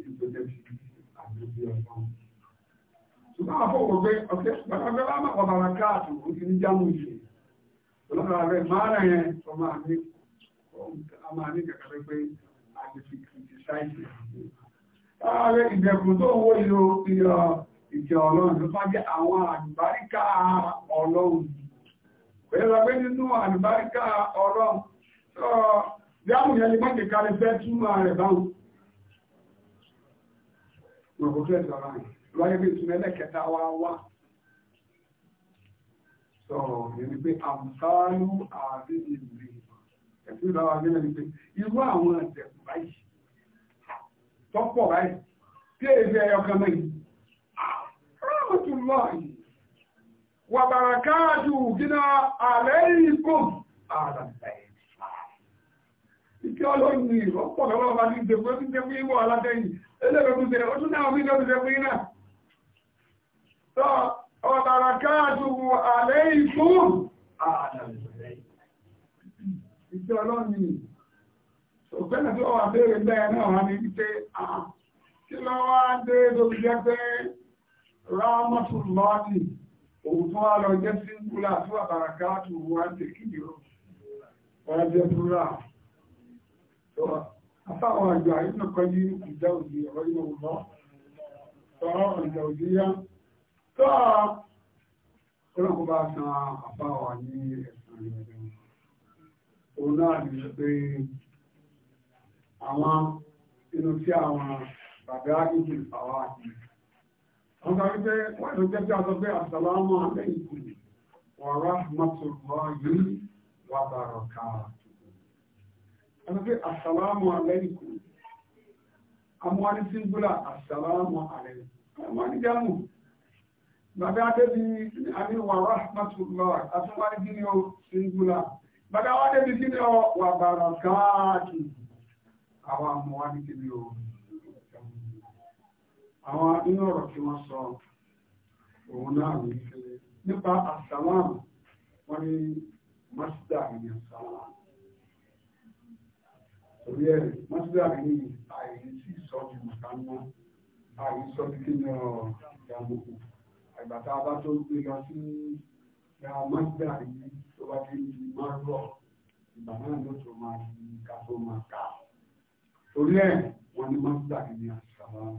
ìgbẹ́jẹ́ fi àgbẹ̀bí ọ̀sán. Ṣùgbọ́n àfọwọ́ pé ọ̀sẹ̀ pàtàkì bá máa ọ̀bàrà káàtù ó ti ní jámù ìṣe. Ọlọ́run rẹ̀ máa rẹ̀ yẹn sọ máa ní a máa ní kẹ̀kẹ́ pé a ti fi kìrìtìsáìsì. Ààrẹ ìdẹ̀kùn tó wó ìlò ìjọ ọlọ́run ló fájẹ́ àwọn àgbáríkà ọlọ́run yìí. Ẹ̀rọ pé nínú àlùbáríkà ọ̀rọ̀ tó yáàmù yẹn lè mọ́jẹ̀ kárí fẹ́ túmọ̀ rẹ̀ báwọn. Wọ́n kò fẹ́ sọ̀rọ̀ rẹ̀. Lọ́yẹ́ bí ìtumọ̀ ẹlẹ́kẹta wá wá. Sọ yẹni pé àmùsáálú àbíyè rè. Ẹ̀sìn ìlú àwọn abẹ́rẹ́ ni pé irú àwọn ẹ̀jẹ̀kù báyìí. Tọ́pọ̀ báyìí. Tí èyí fi ẹyọ kan mẹ́yìn. Rọ́ọ̀mù tún lọ́ọ̀ wàbàràkáàdù gínà àlẹ́ìkùn Ìkẹ́ ọlọ́run ni ìrọ́pọ̀ lọ́wọ́ bá ní ìdẹ̀kùn ẹ́sìn tẹ́ fún ìwọ̀ alátẹ́yìn, ẹlẹ́gbẹ̀kùn tẹ́ ọdún náà wí lọ́dún tẹ́ fún iná. Tọ́ ọ̀bàràkáàdù àlẹ́ìkùn àdàlẹ̀. Ìkẹ́ ọlọ́run ni ọ̀gbẹ́nà tí wọ́n wà bẹ́ẹ̀rẹ̀ bẹ́ẹ̀ náà wà ní wípé kí lọ́wọ́ á dé lórí jẹ́ pé rámọ́tò lọ́ọ̀dì òun tó wá lọ jẹ́ síngúlà tó àbàràká tó wá ń tè kíbi rọ wọ́n jẹ́ púrà afáwọn àjọ àìsànkọ́ ní ìjà òjì ọ̀rọ̀ inú ọ̀gbọ́n tọ́rọ ìjà òjì yá tó ọlọ́kọ̀ san àfáwọn ní ẹ̀sán ìrìn òun náà ní pé àwọn inú tí àwọn bàbá àgbègbè fàwọn àti Wọ́n sọ pé wọ́n ló jẹ́ pé a sọ pé àsàlámù aláìkùm wa rahmatullahi wa barakatuh. A sọ pé àsàlámù aláìkùm. Àwọn ní síngúlà àsàlámù aláìkùm. Àwọn ní jámù. Bàbá Adébí àní wa rahmatullahi àtúwárí kí ni ó síngúlà. Bàbá Adébí kí ni ó wa barakatuh. Àwọn àmọ́ wá ní kí ni ó àwọn inú ọ̀rọ̀ tí wọ́n sọ òun náà ní ìfẹ́lẹ́ nípa àsàlámù wọ́n ní masida ní àsàlámù torí ẹ̀ masida ní àìrí sí ìsọ́jú mùsàlùmá àìrí sọ́jú kí ní ọ̀rọ̀ ìyàmùkù àgbàtà bá tó gbé lọ sí ìyá masida yìí tó bá ti di márùọ̀ ìgbà náà ló tó máa di ká tó máa ká torí ẹ̀ wọ́n ní masida ní àsàlámù.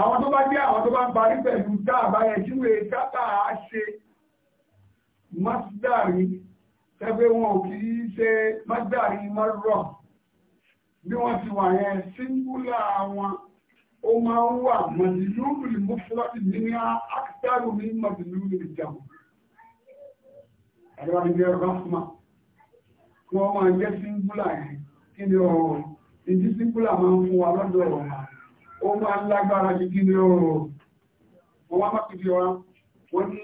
àwọn tó bá jẹ́ àwọn tó bá ń parí pẹ̀lú dáàbá ẹjúwe dábà á ṣe masdari tẹ́gbẹ́ wọn ò kì í ṣe masdari mọ́rọ̀ bí wọ́n ti wà yẹn síngúlà wọn ó máa ń wà mọ̀dìlúrù mọ́fúlọ́tì ní àkítàrù ní mọ̀dìlúrù ìjàmù ẹ̀rọ ìjẹ́ rọ́fúnmá kí wọ́n máa jẹ́ kí ni máa ń fún wa ó máa ń lágbára jù kí ni ooo wọ́n wá máa kìdí wa wọ́n ní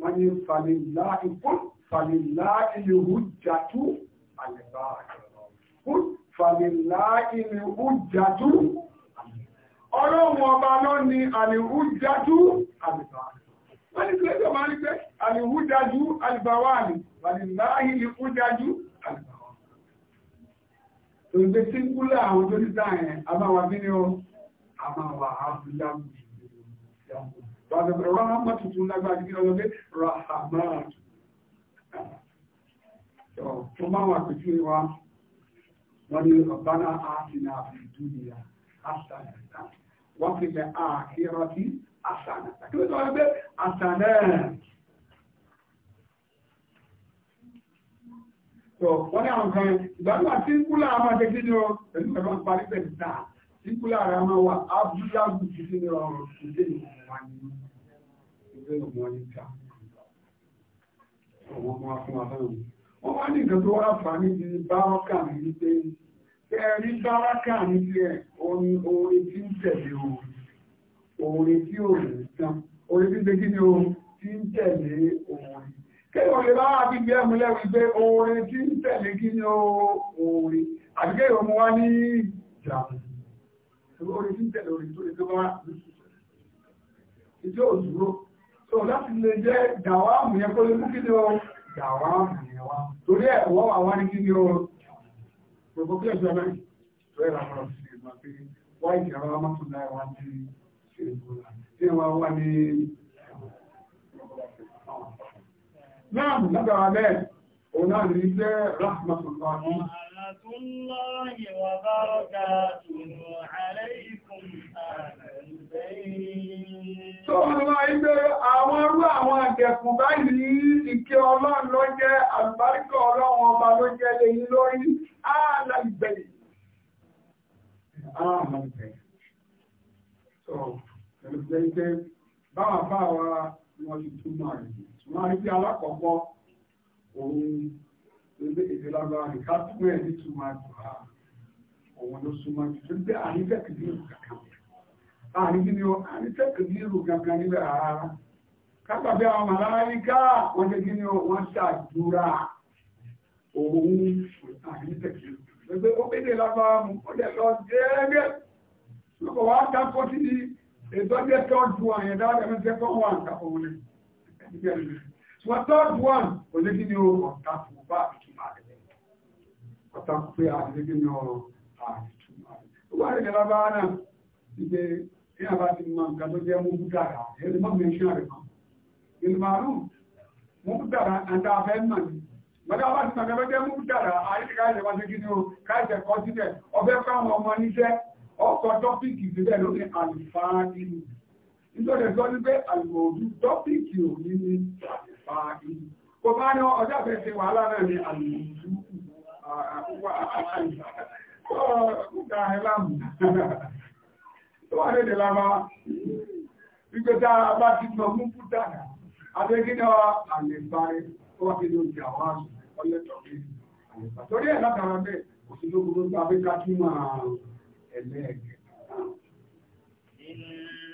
wọ́n ní fàlìlá ìkún fàlìlá ìlú jàtú àlẹ́bá ìkún fàlìlá ìlú jàtú ọlọ́run ọba ló ní àlìhú jájú àlìbá wọ́n ní kílẹ̀ tó máa ń pẹ́ àlìhú jájú ní fàlìlá ìlú tó ń gbé síngúlà àwọn tó níta yẹn a máa wà kíni o a máa wà áfúláwù ìgbìyànjú ráhámà tuntun lágbàájú kí lọ́wọ́ pé ráhámà tó máa wà pẹ̀lú wa wọ́n ní ọ̀bánà àfihàn àfìdúnìyà àṣàyàtà wọ́n fi lẹ́ àkírọ́tì àṣàyàtà kí ló sọ wọ́n pé àṣàyàtà wọ́n ní àwọn kan ìgbàgbà síngúlà máa jẹ́ kí ní ọ pẹ̀lú ẹ̀rọ parí pẹ̀lú dáa síngúlà rẹ̀ máa wà ábúdágù ti sí ní ọrùn ìdé ìwọ̀n ní ká ọmọ ọmọ fún wa lọ́rùn wọ́n wá ní ìdọ́tò wá fà ní ti bárọ́kà ní wípé ẹ̀rí bárọ́kà ní ti o orin o tí ń kéwọ̀n lè bá àti gbé ẹmù lẹ́wọ̀n pé orin tí ń tẹ̀lé kí ní orin àti kéwọ̀n mú wá ní ìjàmù orin so láti lè jẹ́ dàwáàmù yẹn kó lè mú kí ní o dàwáàmù yẹn wá torí ẹ̀ wọ́n wà wá ní kí ní o gbogbo kí ẹ̀jọ́ náà tó yẹ làwọn ọ̀sìn ìgbà pé wáìkì àwọn amátúndà ẹ̀ wá ní ṣe ìgbòlá tí wọ́n wá ní náà lágbàrá bẹ́ẹ̀ òun náà ní jẹ́ rahmatullahi rahmatullahi wa barakatuhu alaykum tó ọmọ ilé àwọn arú àwọn àjẹ̀kùn báyìí ìkẹ́ ọlọ́run ló jẹ́ àlùbáríkà ọlọ́run ọba ló jẹ́ lẹ́yìn lórí ààlà ìgbẹ̀yìn ààlà ìgbẹ̀yìn so ẹ̀lùgbẹ̀yìn báwọn báwa wọn ti túmọ̀ rẹ̀ ṣùgbọ́n ibi alákọ̀ọ́kọ́ òun ilé ìdílágbára nìkan túmọ̀ ẹ̀ ní túmọ̀ àdúrà òun ló súnmọ́ ju tó ń gbé àníkẹ́ kìdírù kankan láàrin ni ó àníkẹ́ kìdírù kankan níbẹ̀ rárá kápá bí àwọn màláríkà wọ́n jẹ́ kí ni ó wọ́n ṣàdúrà òun àníkẹ́ kìdírù gbẹgbẹ́ ó gbẹ́dẹ̀ lágbára mu ó dẹ̀ lọ jẹ́ẹ́gẹ́ lọ́kọ̀ wá dákọ́ sí ètò ẹgbẹ́ tó ju òun So a third one, kò ní kí ni o ọ̀tá fún bá ìtumọ̀ rẹ̀. Ọ̀tá fún pé àti ní kí ni o àìtumọ̀ rẹ̀. Ó wà ní ìjọba náà ti jẹ́ ní àbá ti mọ nǹkan tó jẹ́ mú búdàrà, èyí mọ́ mi ṣe rẹ̀ kan. Ìlú màálù, mú búdàrà àǹtà afẹ́ mọ̀ ni. Bọ́dá bá ti sọ̀kẹ́ bẹ́jẹ́ mú búdàrà, ayé ti káyọ̀ wá sí kí ni o, káyọ̀ kọ́ síbẹ̀, ọbẹ̀ fáwọn ọmọ níṣẹ́, ọkọ̀ tọ́pìkì síbẹ̀ lórí àlùfáà nínú. nítorí ẹ̀sọ́ ní pé àlùmọ̀ọ́dún tọ́pìkì òní ní àìfàáì kò bá ní ọjọ́ àfẹ́sẹ̀ wàhálà náà ní àlùmọ̀ọ́dún tó wà lédè lára wípé tá a bá ti mọ̀ mú fúta àtẹ́gídá àlèbáyé tó wà nínú ìjà wá ọlẹ́tọ̀ọ́lẹ́ torí ẹ̀ látara bẹ́ẹ̀ kò sí lóko ló gbà pé ká tún máa ẹ̀lẹ́ẹ̀kẹ́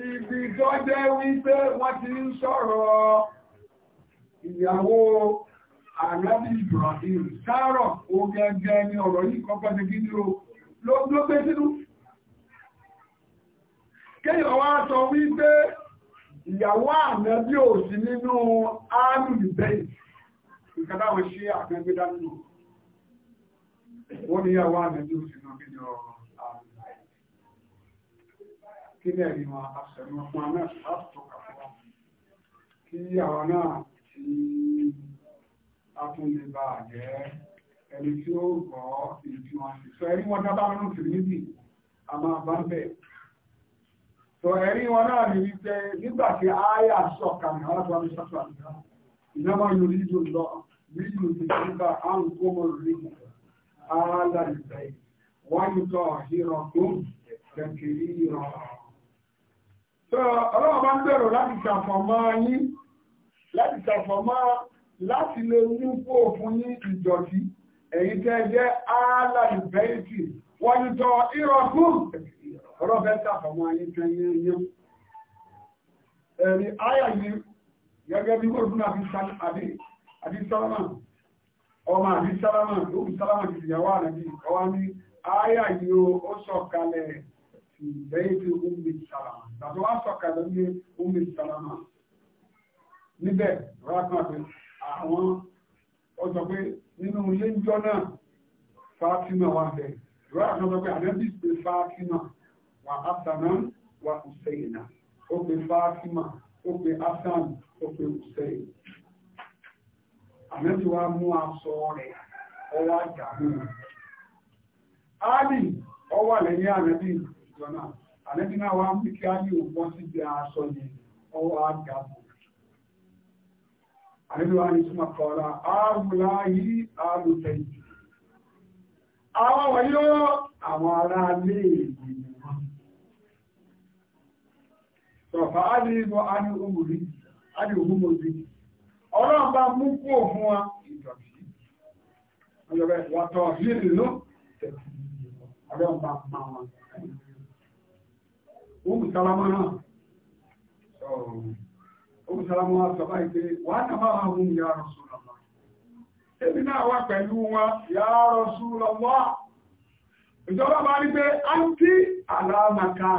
ibi tó jẹ́ wípé wọ́n ti ń sọ̀rọ̀ ìyàwó àrábì Ibrahim sáárọ̀ ogẹ́gẹ́ ni ọ̀rọ̀ yìí kọ́kọ́ ti kí ní o ló gbé sínú kéèyàn wá sọ wípé ìyàwó ànábì ò sí nínú alùlùbẹ́ nǹkan táwọn ṣe àgbẹ̀gbẹ̀dá nínú wọ́n ní ìyàwó ànábì ò sí nínú kí ní ẹ̀rí wọn àṣẹ̀mọ́ ọmọ náà láti tó kà fún wa kí àwọn náà tí a tún lè bá àjẹ́ ẹni tí ó gbọ́ ìdí wọn sì sọ ẹ̀rí wọn dábàá nínú tìrìmìtì a máa bá ń bẹ̀. sọ ẹ̀rí wọn náà ní wípé nígbà tí áyà sọ̀kalẹ̀ alábọ̀ àmì sọ́tò àdúrà ìnáwó yorì ìdò lọ bí yóò ti nígbà àrùn gómọ̀ lórí ààlà ìgbà yìí yóò tọ̀ ìrọ̀ tó kẹ̀kẹ́ ìrọ̀ ọlọ́wọ́ bá ń bẹ̀rọ láti ṣàfọ̀mọ́ yín láti ṣàfọ̀mọ́ láti lè mú kó fún yín ìjọ̀tí èyí tẹ́ jẹ́ aláìbẹ́ẹ̀tì wọ́n ni tọ́ ọ̀rọ̀ ọlọ́fẹ́ ṣàfọ̀mọ́ yín tẹ́ yẹn ẹ̀rí ayà gẹ́gẹ́ bí wọ́n fún àbí sálámà ọmọ àbí sálámà sálámà àrẹ̀bí ní fi bẹ́ẹ̀dì omi sàlámà tàbí wọ́n sọ̀kalẹ̀ ní omi sàlámà níbẹ̀ rákà pé àwọn ọjọ́ pé nínú ilé ìjọ náà Fátímà wà bẹ̀ rákà sọ pé àdébí pé Fátímà wà Hasan wà Hussein ó pe Fátímà ó pe Hasan ó pe Hussein àmẹ́bí wa mú aṣọ rẹ̀ ọwọ́ àjàmú Ali ọwọ́ lẹ́yìn àmẹ́bí aṣọ náà wa ní súnmọ́ kọ́ra ààbùlá yìí àlùfẹ́ yìí àwọn wọ̀nyí ó àwọn ará lè gbìyànjú wọn sọ̀fà á lè bọ́ á ní òmùrí á ní òmùmọ̀dé mú kú òfun wa ìdọ̀tí wọ́n yọ bẹ́ẹ̀ wọ́n tọ́ lílù tẹ̀sí ọlọ́run máa wọn. ụmụ Salama náà. Oh, Salama sọ báyìí pé wà á nàbà wà mú ya Rasulullah. Ebi náà wà pẹ̀lú nwa ya Rasulullah. Ìjọba bá ní pé a ń kí àlàmàkà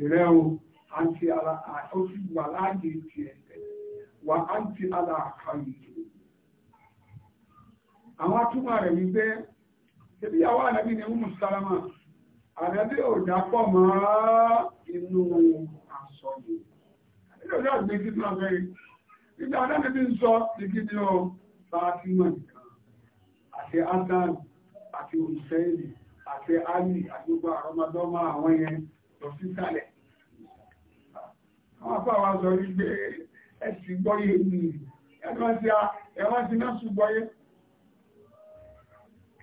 ìrẹ́ o, a ń kí àlàáyé tiẹ̀ wà á ń rẹ̀ àwọn àrẹ́bí ò dápọ̀ mọ́ inú àsọ̀lù àrẹ́bí ò dápọ̀ méjì tó lọ́fẹ́ nígbà adájọ́bí ń sọ nígbì ní ọ Fátímà nìkan àti adam àti olùsẹ́yìn àti ali àti gbogbo àrọmọdọ́mọ àwọn yẹn lọ sí sálẹ̀ àwọn afọ àwọn sọ wípé ẹ̀sìn gbọ́yé ni ẹ̀wọ́n ti náà sùn gbọ́yé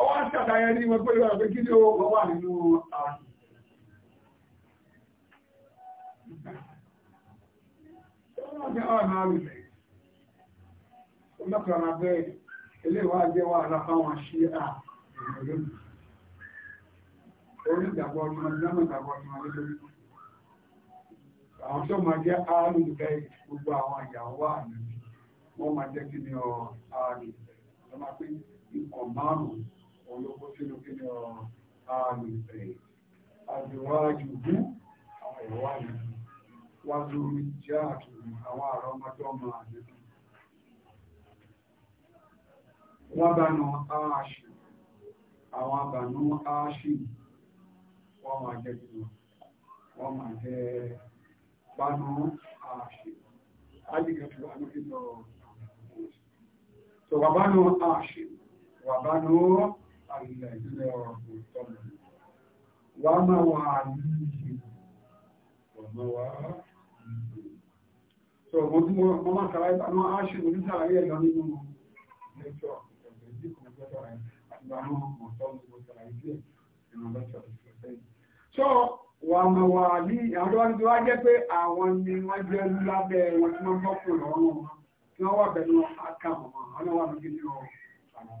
ọwọ́ àtàtàyẹ ní wọn pé wọ́n pé kí ní ó wà nínú àrùn Ọlọ́kàrà bẹ́ẹ̀ eléwà jẹ́ wà láfáwọn ṣe à ìrìnlẹ́mù. Orí ìdàgbọ́ ọdún ọdún ìdàgbọ́ ọdún ọdún Àwọn tó máa jẹ́ ààrùn ìgbẹ́ gbogbo àwọn ìyàwó àmì wọ́n máa jẹ́ kí ni ọ ààrùn. Wọ́n máa pín ikọ̀ márùn-ún olóko sínú kí ni ọ̀rọ̀ àlùfẹ́ àdìwájú bú àwọn ìwádìí wá lórí jẹ́ àtùrù àwọn àrọ́ ọmọdé ọmọ àdébí wọ́n bá nu áàṣì àwọn àbànú áàṣì wọ́n máa jẹ́ jùlọ wọ́n máa jẹ́ bánú áàṣì alìgẹ̀tù wà ní kíkọ́ tó wà bánú الذين يربطون ومواعيدهم ومواعيدهم So, mo tí mo máa kàrà ìta náà á ṣe oníṣàlàyé ẹ̀lọ nínú lẹ́jọ́ ọ̀pẹ̀lẹ̀ ìdí kan lọ́jọ́ rẹ̀ àti àwọn ọmọ tó ń gbogbo ṣàlàyé díẹ̀ nínú lọ́jọ́ ìṣẹ̀lẹ̀. So, wà mọ̀ wà ní àdọ́rin tó wá jẹ́ pé àwọn ni wọ́n jẹ́ lábẹ́ wọn tí wọ́n gbọ́kùn lọ́rùn wọn tí wọ́n wà pẹ̀lú akáwọn wọn wà lókè ní ọ̀rọ̀ àwọn.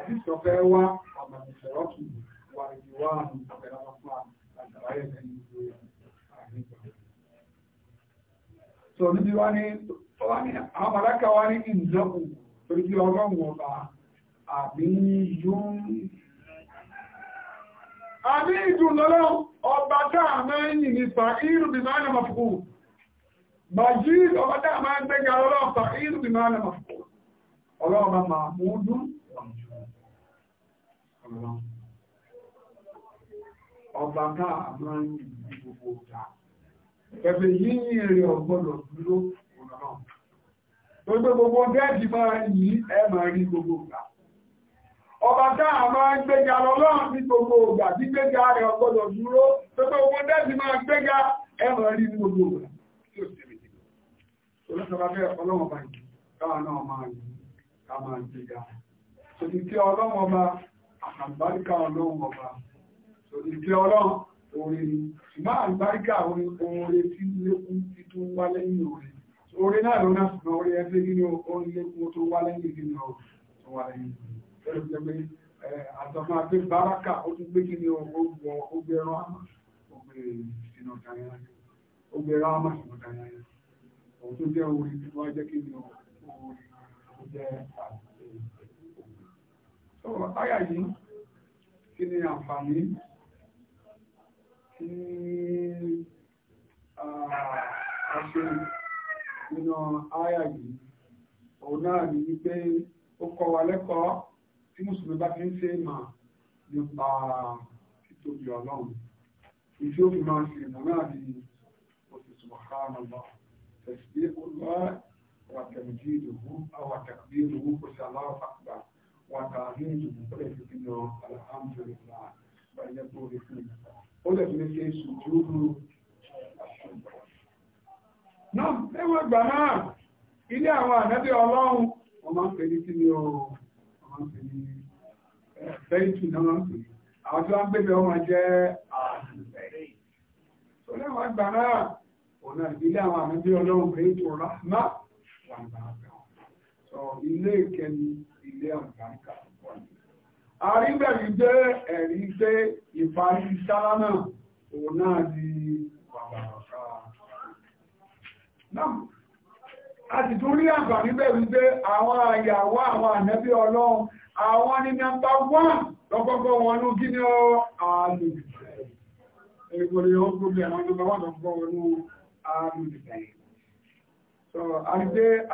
àdìsọ fẹ́ wá àbàmì sọ̀rọ̀kì wà ìdí wá àmì àbẹ̀rẹ̀ fún àgbàláyé ẹni ìlú àmì sọ níbi wá ní àwọn màláka wá ní ìjọkù torí bí ọlọ́run ọba àbí yóò àbí ìdúnlọ́lọ́ ọba dáa mẹ́rin nípa irú bí máa nàmà fún Bàjí ọba dáa máa gbẹ́gà ọlọ́ọ̀pàá irú bí máa nàmà fún ọlọ́ọ̀bá máa mú dún ọ̀rọ̀ ọba náà ma ń yìn gbogbo ọ̀dá pẹ̀pẹ̀ yìí ní èrè ọgbọ́dọ̀ dúró ọ̀rọ̀ gbogbo gbogbo bẹ́ẹ̀dì máa yìí ẹ ma rí gbogbo ọ̀gá ọba káà máa ń gbéga lọ́lọ́run ní gbogbo ọ̀gá tí gbéga rẹ̀ ọgbọ́dọ̀ dúró gbogbo máa ẹ rí gbogbo tí ó àbáríkà ọlọ́run ọba ìfẹ́ ọlọ́run oore ni ṣùgbọ́n àbáríkà oore tí lékún ti tó wá lẹ́yìn oore oore náà ló náà ṣùgbọ́n oore ẹgbẹ́ nínú oore lékún tó wá lẹ́yìn ìdí náà tó wá lẹ́yìn àtọ̀mọ́ àgbé báràkà ó tún gbé kí ni ọgbọ̀ ọgbẹ̀ ẹran àmà ọgbẹ̀ ìsìnà kàyàn ọgbẹ̀ ẹran àmà ìsìnà kàyàn ọ̀tún jẹ́ oore tí wọ́n jẹ́ kí ni oore ó jẹ́ àgbẹ̀ Àyà yìí, kí ni àǹfààní tí ah, a ṣe nínú àyà yìí? Òun náà ni wípé ó kọ́ wa lẹ́kọ̀ọ́ tí Mùsùlùmí bá fi ń ṣe ìmọ̀ nípa títóbi Ọlọ́run. Ìdí òfin máa ṣe ìmọ̀ náà ni oṣù Subhanallah, Tasbihullah, wa Tamjiduhu, wa Takbiruhu, kò sí Allahu Akbar wàtàhìnjù ó lè fi fi lọ alhamdulillah báyìí lẹ́kọ̀ọ́ orí fún mi ó lè fi ṣe sùjúdù náà ẹwọ́n ìgbà náà ilé àwọn ànábì ọlọ́run wọ́n máa ń pè ní kíni o wọ́n máa ń pè ní bẹ́ẹ̀tì náà máa ń pè ní àwọn tí wọ́n ń pèbè wọn jẹ́ àdùnbẹ̀rẹ̀ tó sọ ilé ìkẹni ilé àgbáríkà àrígbẹ̀rí jẹ́ ẹ̀rí pé ìparí sára náà òun náà di bàbàràká náà a sì tún rí àǹfààní bẹ̀rù pé àwọn àyàwó àwọn ànẹ́bí ọlọ́run àwọn ní nọ́mbà wán lọ́kọ́kọ́ wọn ní kí ní ọ àlùfẹ́ ìgbòrè ó gbogbo àwọn nọ́mbà wán lọ́kọ́kọ́ wọn ní àlùfẹ́ so a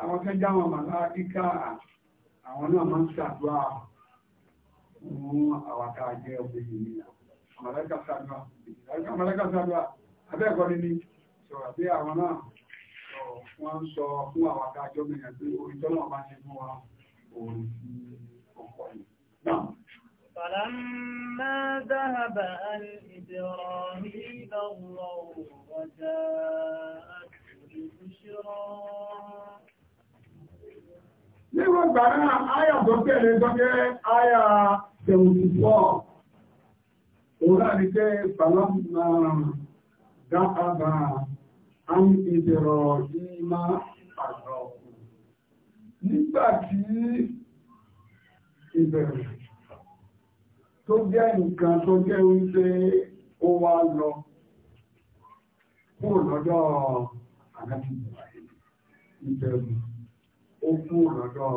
àwọn fẹ́ wọn màlá kíkà àwọn náà máa ń ṣàdúrà fún àwọn tá obìnrin nìyà màláìka ṣàdúrà abẹ́ẹ̀kọ́ ni ní so àwọn náà wọ́n ń sọ fún àwọn tá obìnrin pé orí Níwọ̀n ìgbà náà, ayà tó tẹ̀lé tó jẹ́ ayà 74. Òun náà ni pé Bàlámà dáàbà án ìbẹ̀rọ̀ ìmá àjọ. Nígbà tí ìbẹ̀rẹ̀ tó jẹ́ nǹkan tó jẹ́ wípé ó wá lọ kúrò àdájú ìbùràhìm nítorí ó kú lọ́dọ̀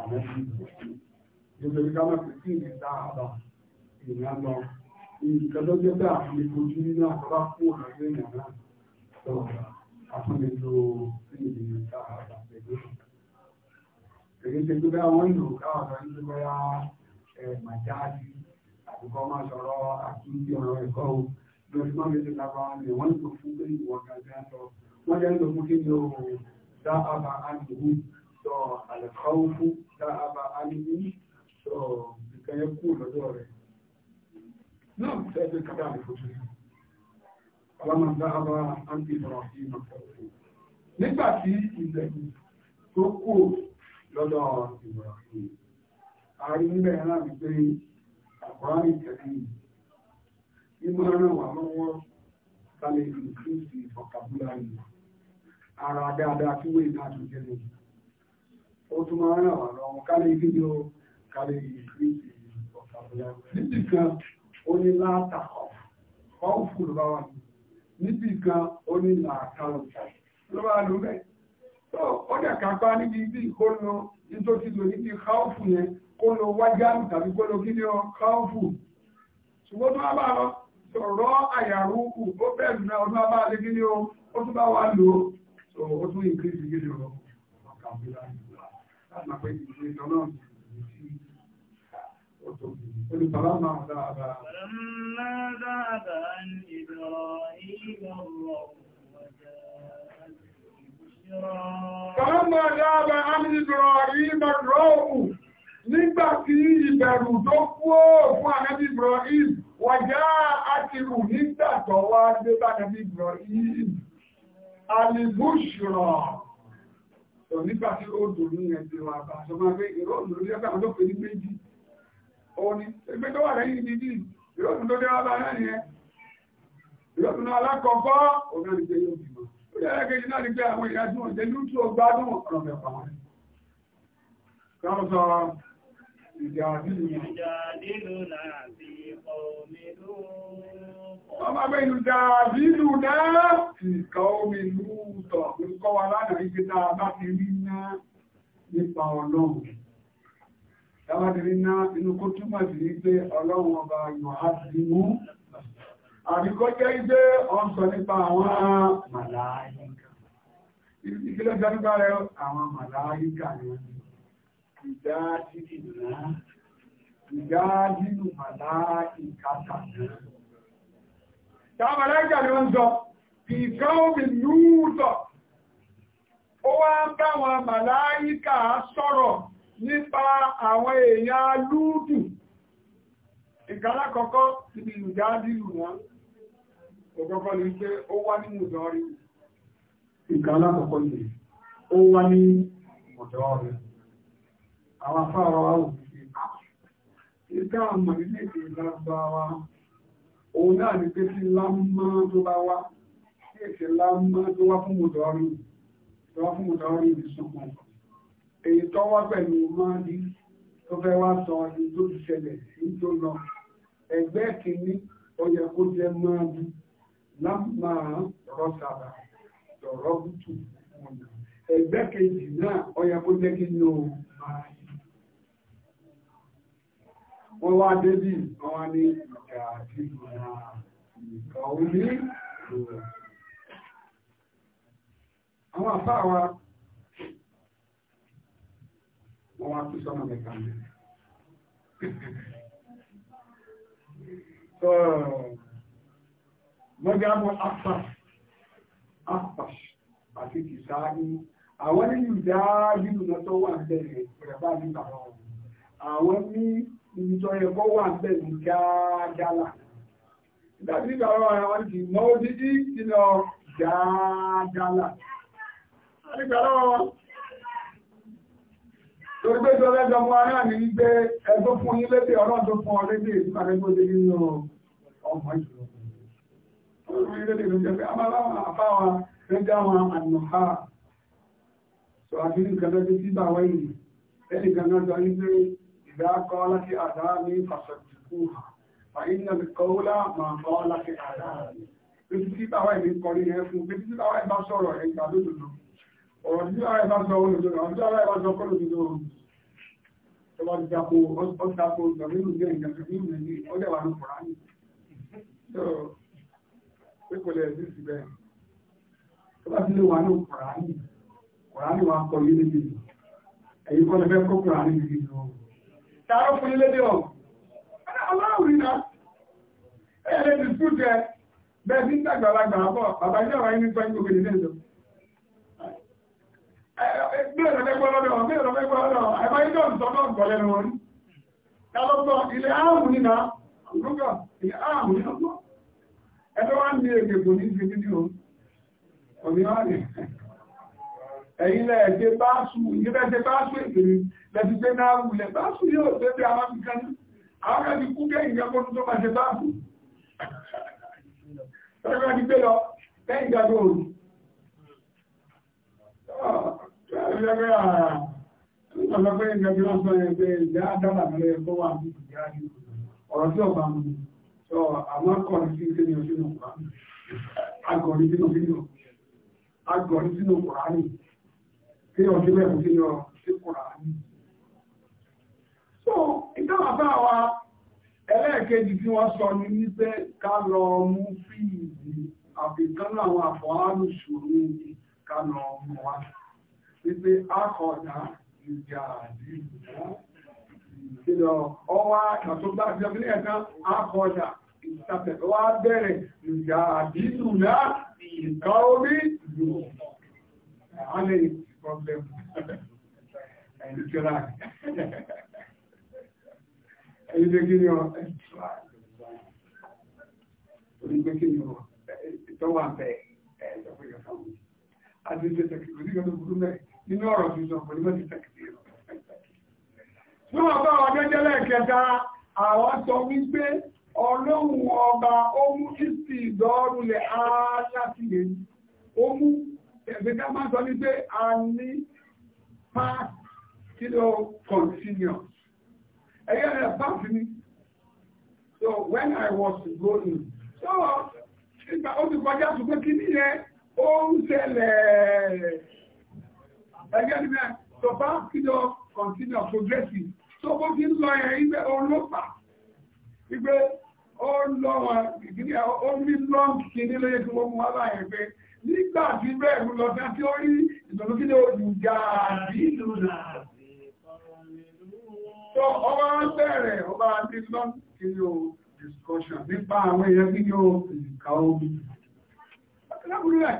àdájú ìbùràhìm nítorí ká máa pèsè ìlú dáàbà ìyá lọ nǹkan tó jẹ́ pé àfi ojú nínú àkọ́bá kú lọ́dọ̀ èèyàn náà tó àfúnilò ìlú dáàbà pẹ̀lú èyí ṣe tó bá wọn lò káwọn lọ nítorí bóyá ẹ̀ màjáde àbíkọ́ máa sọ̀rọ̀ àkíńtì ọ̀rọ̀ ẹ̀kọ́ o lórí tó ń lè lábá rẹ̀ wọ́n lò fún pé ìwọ̀ gàdá dá àbá ánìyí sọ dá àbá ánìyí sọ ìkẹyẹ kú lọ́dọ̀ rẹ̀ náà fẹ́ fẹ́ kàdá àlùfòjú ọlọ́mọ dá àbá ánìyí sọ̀rọ̀ sí ìmọ̀kọ̀ọ̀fọ̀ nígbà tí ilẹ̀ tó kù lọ́dọ̀ ìmọ̀ràn àárín níbẹ̀ náà wípé àkọ́rán ìtẹ̀lẹ́yìn nínú ọ̀ràn wà lọ́wọ́ sálẹ̀ ìfìkìsì vocabulary ara dáadáa tí wọ́n ìta tó jẹ́nu ó tún máa ràn wà lọ́wọ́ kálẹ̀ ìfìdíò kálẹ̀ ìfìkìsì vocabulary níbi kan ó ní látàkọ̀ ọ̀fù ló bá wà níbi kan ó ní làákàrọ̀ ló bá lò bẹ́ẹ̀ tó ó dẹ̀ kápá níbi bí kó lọ níbi káwọ́fù yẹn kó lọ wájà tàbí kó lọ kí ni ọ káwọ́fù ṣùgbọ́n tó wá bá lọ sọ̀rọ̀ àyàrúkù ó bẹ̀rù náà ọdún abá lé gíní o ó tún bá wà lò ó ó tún ìkírísì gíní o ọkàbílá láti pẹ́ ìgbé ìjọba olùtọ́lá máa ń dáadáa. Ọ̀rẹ́mọ́ dáadáa ń nígbà tí ìbẹ̀rù tó kú fún ànábì Ibrahim wọ̀já àtìrù nígbà tó wá dé bá ànábì Ibrahim alìbúṣùrọ̀ tó nígbà tí ó dùn ní ẹ̀dẹ̀ wà bá sọ máa pé ìrọ̀lù lórí ọgbà tó pè ní méjì ó ní ẹgbẹ́ tó wà lẹ́yìn ìdíjì ìrọ̀lù tó dé wá bá náà nìyẹn ìrọ̀lù náà alákọ̀ọ́kọ́ òun Ọmọ bẹ́ ìlú dàbílù náà ti kọ́ omi ìlú tọ̀ lórúkọ́ wa lánàá ibi tá a bá ti rí náà nípa ọlọ́run. Tàbá ti rí náà inú kó túmọ̀ sí pé ọlọ́run ọba yọ̀ á ti mú. Àbíkọ́ jẹ́ ìgbé ọ̀sọ̀ nípa àwọn màláyíkà. Ìkílẹ̀ ìdádìrìnà ìdádìrù màlá ìkàtàkì. Tábàlá ìjàlẹ̀ ń sọ, ìkọ́wì lúútọ̀, ó wá ń bá wọn màlá ìkà sọ̀rọ̀ nípa àwọn èèyàn lúúdù. Ìkàlá kọ̀kọ́ ti ìdádìrù wọn. Òkọ́kọ́ ni pé ó wá ní mùdọ́rí. Ìkàlá kọ̀kọ́ ni ó wá ní mùdọ́rí àwọn afárá wa wò sí ìta àmọ̀ nílé èdè lágbára òun náà ní pé tí lámá tó bá wá sí èsì lámá tó wá fún mọ̀dọ́rí tó wá fún mọ̀dọ́rí ìsọ̀kan èyí tó wá pẹ̀lú máa ní tó fẹ́ wá sọ ní tó ti ṣẹlẹ̀ kó jẹ máa ní lámá rọ́sàbà lọ́rọ́ bùtù ẹgbẹ́ kejì náà ó kó jẹ́ kí ni ó máa ní wọ́n wá débì wọ́n ní ìjà àti ìrìnà ìgbà orí ìrò àwọn àfá wa wọ́n wá tó sọ́nà mẹ́ta mẹ́ lọ́gbẹ́ àwọn afas afas àti kìsáàrí àwọn nínú ìdá nínú lọ́tọ́ wà ń bẹ̀rẹ̀ pẹ̀lú àwọn ní ìjọ ẹ̀kọ́ wà ń bẹ̀ ní gáàgálà. Ìgbàtí ìgbàrọ̀ ara wọn ti mọ́ òdídí ti lọ gáàgálà. Àrígbàrọ̀ wọn. Torí pé ìjọba ẹjọ́ mú ara ní gbé ẹgbẹ́ fún yín lédè ọ̀rọ̀ tó fún ọ lédè ìpàdégbòdé nínú ọmọ ìjọba. Ọmọ ìlédè ló jẹ́ pé a máa láwọn àpá wa lẹ́jà wọn àmì ha. Sọ àbí nǹkan إذا قالت آذاني فصدقوها فإن القول ما قالت آذاني Ibi tí báwa ìlú kọrí yẹn fún, ibi tí báwa ìbá sọ̀rọ̀ ẹ̀ gbà lódodo. Ọ̀rọ̀ tí báwa ìbá sọ olódodo, ọ̀rọ̀ tí báwa ìbá sọ kọ́ lódodo. Ìjọba ti dàpọ̀ ọ̀dàpọ̀ ìgbàgbé ìlú jẹ́ ìjọba ìlú ní ọ̀dẹ̀wà ní Kùránì. Ṣé o kò lè rí sí bẹ́ẹ̀? Ìjọba ti lè wà ní Kùránì. Kùránì wa kọ yé níbi. Ẹ̀yin kọ́ lè fẹ́ kó Kùránì níbi ìlú. tààrọ fún ilé dé ọ̀hún aláwòrí náà ẹ̀rẹ́ ti sùn jẹ bẹ́ẹ̀ sí ìtàgbàlagbà àbọ̀ bàbá ilé ọ̀rọ̀ yìí ní sọ ìgbòkè nílé ìjọ bí ẹ̀rọ fẹ́ gbọ́ lọ́dọ̀ bí ẹ̀rọ fẹ́ lọ́dọ̀ àìbá ilé ọ̀rọ̀ ẹ̀yìn lẹ́ẹ̀dẹ́ bá sùn ìrẹ́dẹ́ bá sùn èdè lẹ́ti pé náà wùlẹ̀ bá sùn yóò tẹ́bẹ̀ àwọn akẹ́kẹ́ ní àwọn ẹni kú kẹ́yìn gẹ́gbọ́n tó bá ṣe bá sùn ẹgbẹ́ ti gbé lọ lẹ́yìn gẹ́gbẹ́ òru ọ̀rọ̀ tí ọ̀bá mú sọ àwọn akọ̀rin sí ìkéde ọ̀sínú ọ̀pá agọ̀rin sínú ọ̀pá agọ̀rin sínú kí ni ọjọ́ mẹ́rin kí ni ọ sí kúrà ní. so ìdáwà bá wa ẹlẹ́ẹ̀kejì tí wọ́n sọ ní wípé ká lọ mú fíìdì àbìkan àwọn àfọ̀hánù ṣòro ní ká lọ mú wa wípé akọ̀dà ìjà àdìgbò ìlọ ọwọ́ àtàtúgbà ìjọba ẹ̀ka akọ̀dà ìsàtẹ̀tọ́ wa bẹ̀rẹ̀ ìjà àdìgbò náà ìkọ́ problem ẹni tíra ẹni tó kí ni ọ ẹni tíra orí pé kí ni ọ ìtọ́wà bẹ ẹ lọ fún yọta wọn àti ṣe tẹkìtì kò sí kan tó burú mẹ nínú ọ̀rọ̀ sísọ kò ní mọtì tẹkìtì rẹ. Súnmọ́ bá wa gẹ́gẹ́ lẹ́ẹ̀kẹta, àwọn sọ wípé ọlọ́run ọba ó mú ìsìn ìdọ́rùn lẹ̀ á láti lè ó mú ẹ̀gbẹ́ ká máa sọ ní pé a ní past kilo ló continuous ẹ̀yẹ́ rẹ̀ past ni so when I was growing so ìgbà ó ti kọjá ṣùgbọ́n kí ní yẹ ó ń ṣẹlẹ̀ ẹ̀yẹ́ rẹ̀ so past kilo ló continuous progressive so bó ti ń lọ ẹ̀ ibẹ̀ olópa ibẹ̀ ó lọ́wọ́ ìgbìyànjú ó ní long kí ní lóye kí wọ́n mú wá báyìí pé nígbà tí bẹ́ẹ̀ mú lọ sí àti orí ìtọ́lókí ní ojú ní lọ́nkì ní o discussion nípa àwọn èèyàn bí ní o ìkà omi. akẹ́lábùrú rẹ̀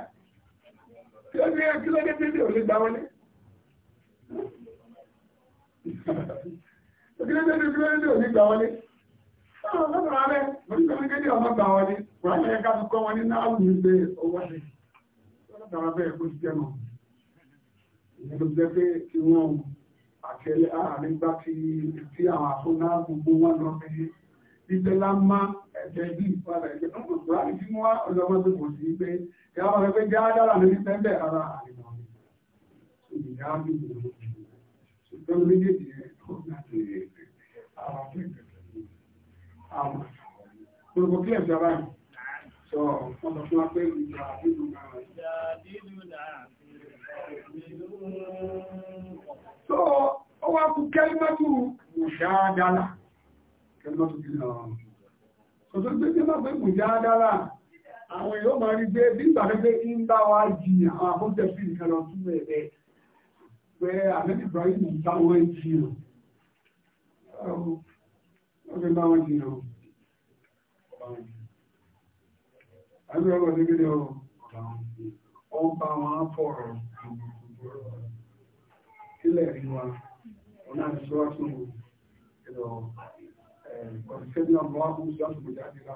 kí ló dé kí ló dé tí ò lè gbà wọlé. kí ló dé tí ò lè gbà wọlé. Ọ̀rọ̀ lọ́dọ̀ rẹ̀, mo ní sọ fún kéde ọmọ gbà wọlé, wọ́n á yẹ ká fi kọ́ wọn ní náà wù ú pé tara bẹ́ẹ̀ kó ti jẹ́nu ìyẹn ló jẹ́ pé tí wọ́n àtẹ́lẹ́ àárín gbá ti tí àwọn àfúnná gbogbo wọn lọ fi títẹ́ lámá ẹ̀jẹ̀ bí ìpadà ẹ̀jẹ̀ tó kò tó láti fi mú wá ọlọ́mọ tó kò sí pé ìyá wọn fẹ́ jẹ́ ádára lórí pẹ́ńbẹ̀ ara àrìnà ìyá mi ò lọ ṣùgbọ́n méjèèjì ẹ̀ tó ń gbàdé àwọn akẹ́kọ̀ọ́ àwọn olùkọ́ kílẹ̀ sí abáyé sọ wọ́n sọ fún wa pé ìjà nínú náà. So ó wá kú kẹ́límọ́tù mùsàádára. Kẹ́límọ́tù kí lọ. Sọ̀tọ́ gbé bí wọ́n pé mùsàádára. Àwọn èèyàn máa rí gbé bí ìgbà pé ń bá wa jiyàn àwọn àkójọ sí nǹkan lọ sí ẹ̀rẹ́ pé àmì Ibrahim ń bá wọn jiyàn. Ó àbí ọmọ ní gíní ọrùn ó bá wọn fọ̀rọ̀ sílẹ̀ rí wa wọn náà ti sọ́wọ́ sí ìlọ kọ̀sẹ́ni ọmọ ọdún sọ́tùkù jáde lá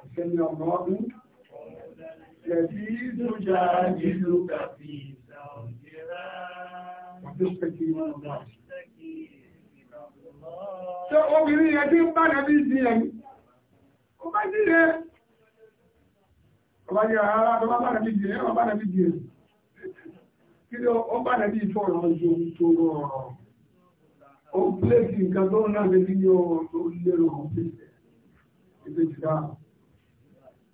kọ̀sẹ́ni ọmọ ọdún lẹ́bí ìdújá nílò kàfí ìsàwọ̀dẹ́rà Ṣé obìnrin yẹn tí ń bá nàbí ìdí ẹ̀mí? Ó bá ní ẹ̀ ọba ní ara tó bá bàdàbí jì ẹ̀rọ bàdàbí jì ẹ̀rọ kí ló ó bàdàbí ìfọ̀rọ̀ ju tòrò ọ̀rọ̀ ó pléèkì nǹkan tó ń náà lè fi yọ tó lérò ó fi ìbejì dá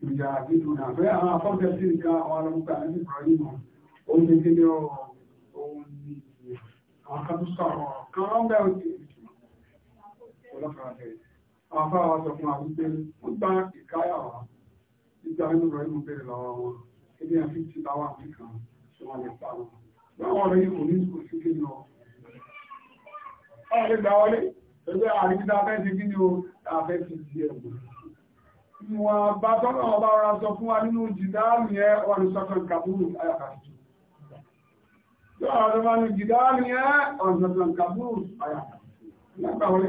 ìjà àdídùn náà àwọn afọ́fẹ́ sí nǹkan àwọn kí ni ohun ní àwọn kan àwọn afọ́ àwọn ó nígbà nínú rẹ̀ ń bẹ̀rẹ̀ lọ́wọ́ wọn ebi àfi ti láwọn àti kan tí wọ́n lè pa wọn. Báwọn ọ̀rẹ́ yìí kò ní kò sí kí lọ. Báwọn lè gbà wọlé, ẹgbẹ́ àrídá fẹ́ ti kí ni o, àfẹ́ ti di ẹ̀bùn. Ìwọ̀n bá tọ́lọ̀ ọba ọ̀rọ̀ sọ fún wa nínú jìdáàmì ẹ ọ̀rẹ́sọ̀kan kàbúrù ayàkàtútù. Yọ́ àwọn ọ̀rẹ́ bá ní jìdáàmì ẹ ọ̀rẹ́sọ̀kan kàbúrù ayàkàtútù. Lágbà wọlé.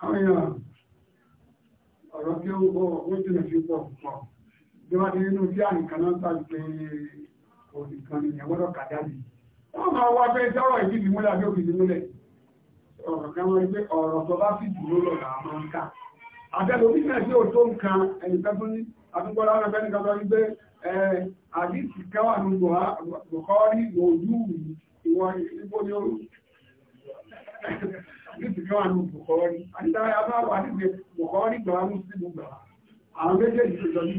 àwọn èèyàn ọ̀rọ̀ kí ó bọ́ ó jìnà sí pọ̀ pọ̀ bí wọ́n ti nínú tí ànìkan náà tàbí pé òdìkan ni ẹ̀wọ́dọ̀ kàdáàbì wọ́n máa wá pé sọ́rọ̀ ìdí ti múlẹ̀ àbí òfin ti múlẹ̀ ọ̀rọ̀ kan wọ́n pé ọ̀rọ̀ tó bá sì dúró lọ là máa ń kà àbẹ́lò bí náà sí òtó nǹkan ẹ̀yìn kan tó ní àtúgbọ́lá ọ̀rọ̀ fẹ́ nìkan tó rí pé àdìsí káwà ní Bukhari lòdù ìwọ̀n ìgbó ni ó àdìsí kan wà ní bùkọ́rí àdìsára yà bá wà níbi bùkọ́rí gbà wà mùsùlùmí gbà wà àwọn méjèèjì tó jọ ní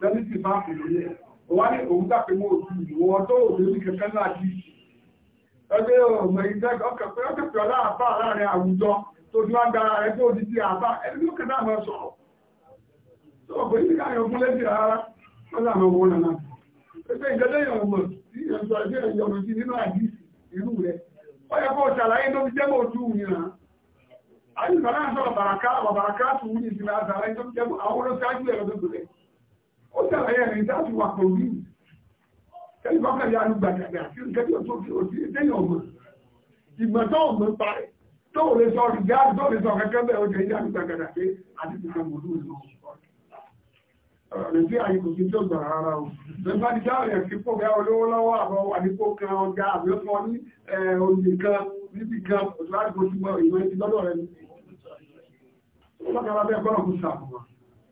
lọ́dún sí bá kù lórí ẹ̀ wà ní òun gbà pé mo òtún ìwọ tó òde ní kẹkẹ náà di ẹgbẹ́ ọmọ ìjẹ́ ọkẹ̀pẹ́ ọkẹ̀pẹ́ ọlá àbá láàrin àwùjọ tó ní wọ́n gbára rẹ̀ tó di ti àbá ẹni ló kẹta àwọn sọ̀rọ̀ tó ọ̀pọ̀ ìdí káyọ̀ fún lẹ́bí rárá wọ́n là mọ̀ wọn nàná ẹgbẹ́ ìjẹ́lẹ́yìn ọmọ tí ìyẹn sọ ẹgbẹ́ ìyọ̀rọ̀ sí nínú àdìsí irú rẹ̀ ó yẹ kó ṣàlàyé tó fi jẹ́ mọ̀ ojú ìrìnà àyíkọ̀lá ń sọ̀rọ̀ bàràká àwọn bàràká tó wú ní ìsinmi àṣàlàyé tó fi jẹ́ mọ̀ àwọn olóṣáájú ẹ̀rọ tó gbèrè ó ṣàlàyé ẹ̀rìn ìdájú wà pẹ̀lú kẹ́lifọ́kànlá alúgbàjàgbà tí ó gẹ́gẹ́ tó fi òsì ìdẹ́yìn ọmọ ìgbà tó ọmọ parẹ́ tó lè sọ ìgbà tó lè sọ kẹ́kẹ́ bẹ́ẹ̀ ó jẹ́ ìdájú gbàgàdà pé àti ìgbà mọ̀lú ìlú rẹ̀ sí àyíkò sí tó a rárá o. Lọ́gbà ti dáa rẹ̀ sí pòbẹ́ olówó lọ́wọ́ àbọ̀ àdípò kan ọjà àbíọ́fọ́ ní oúnjẹ kan níbi kan láti bó ti gbọ́ ìwé ti lọ́dọ̀ rẹ̀. Lọ́gbà bẹ́ẹ̀ gbọ́dọ̀ kó sàmùwà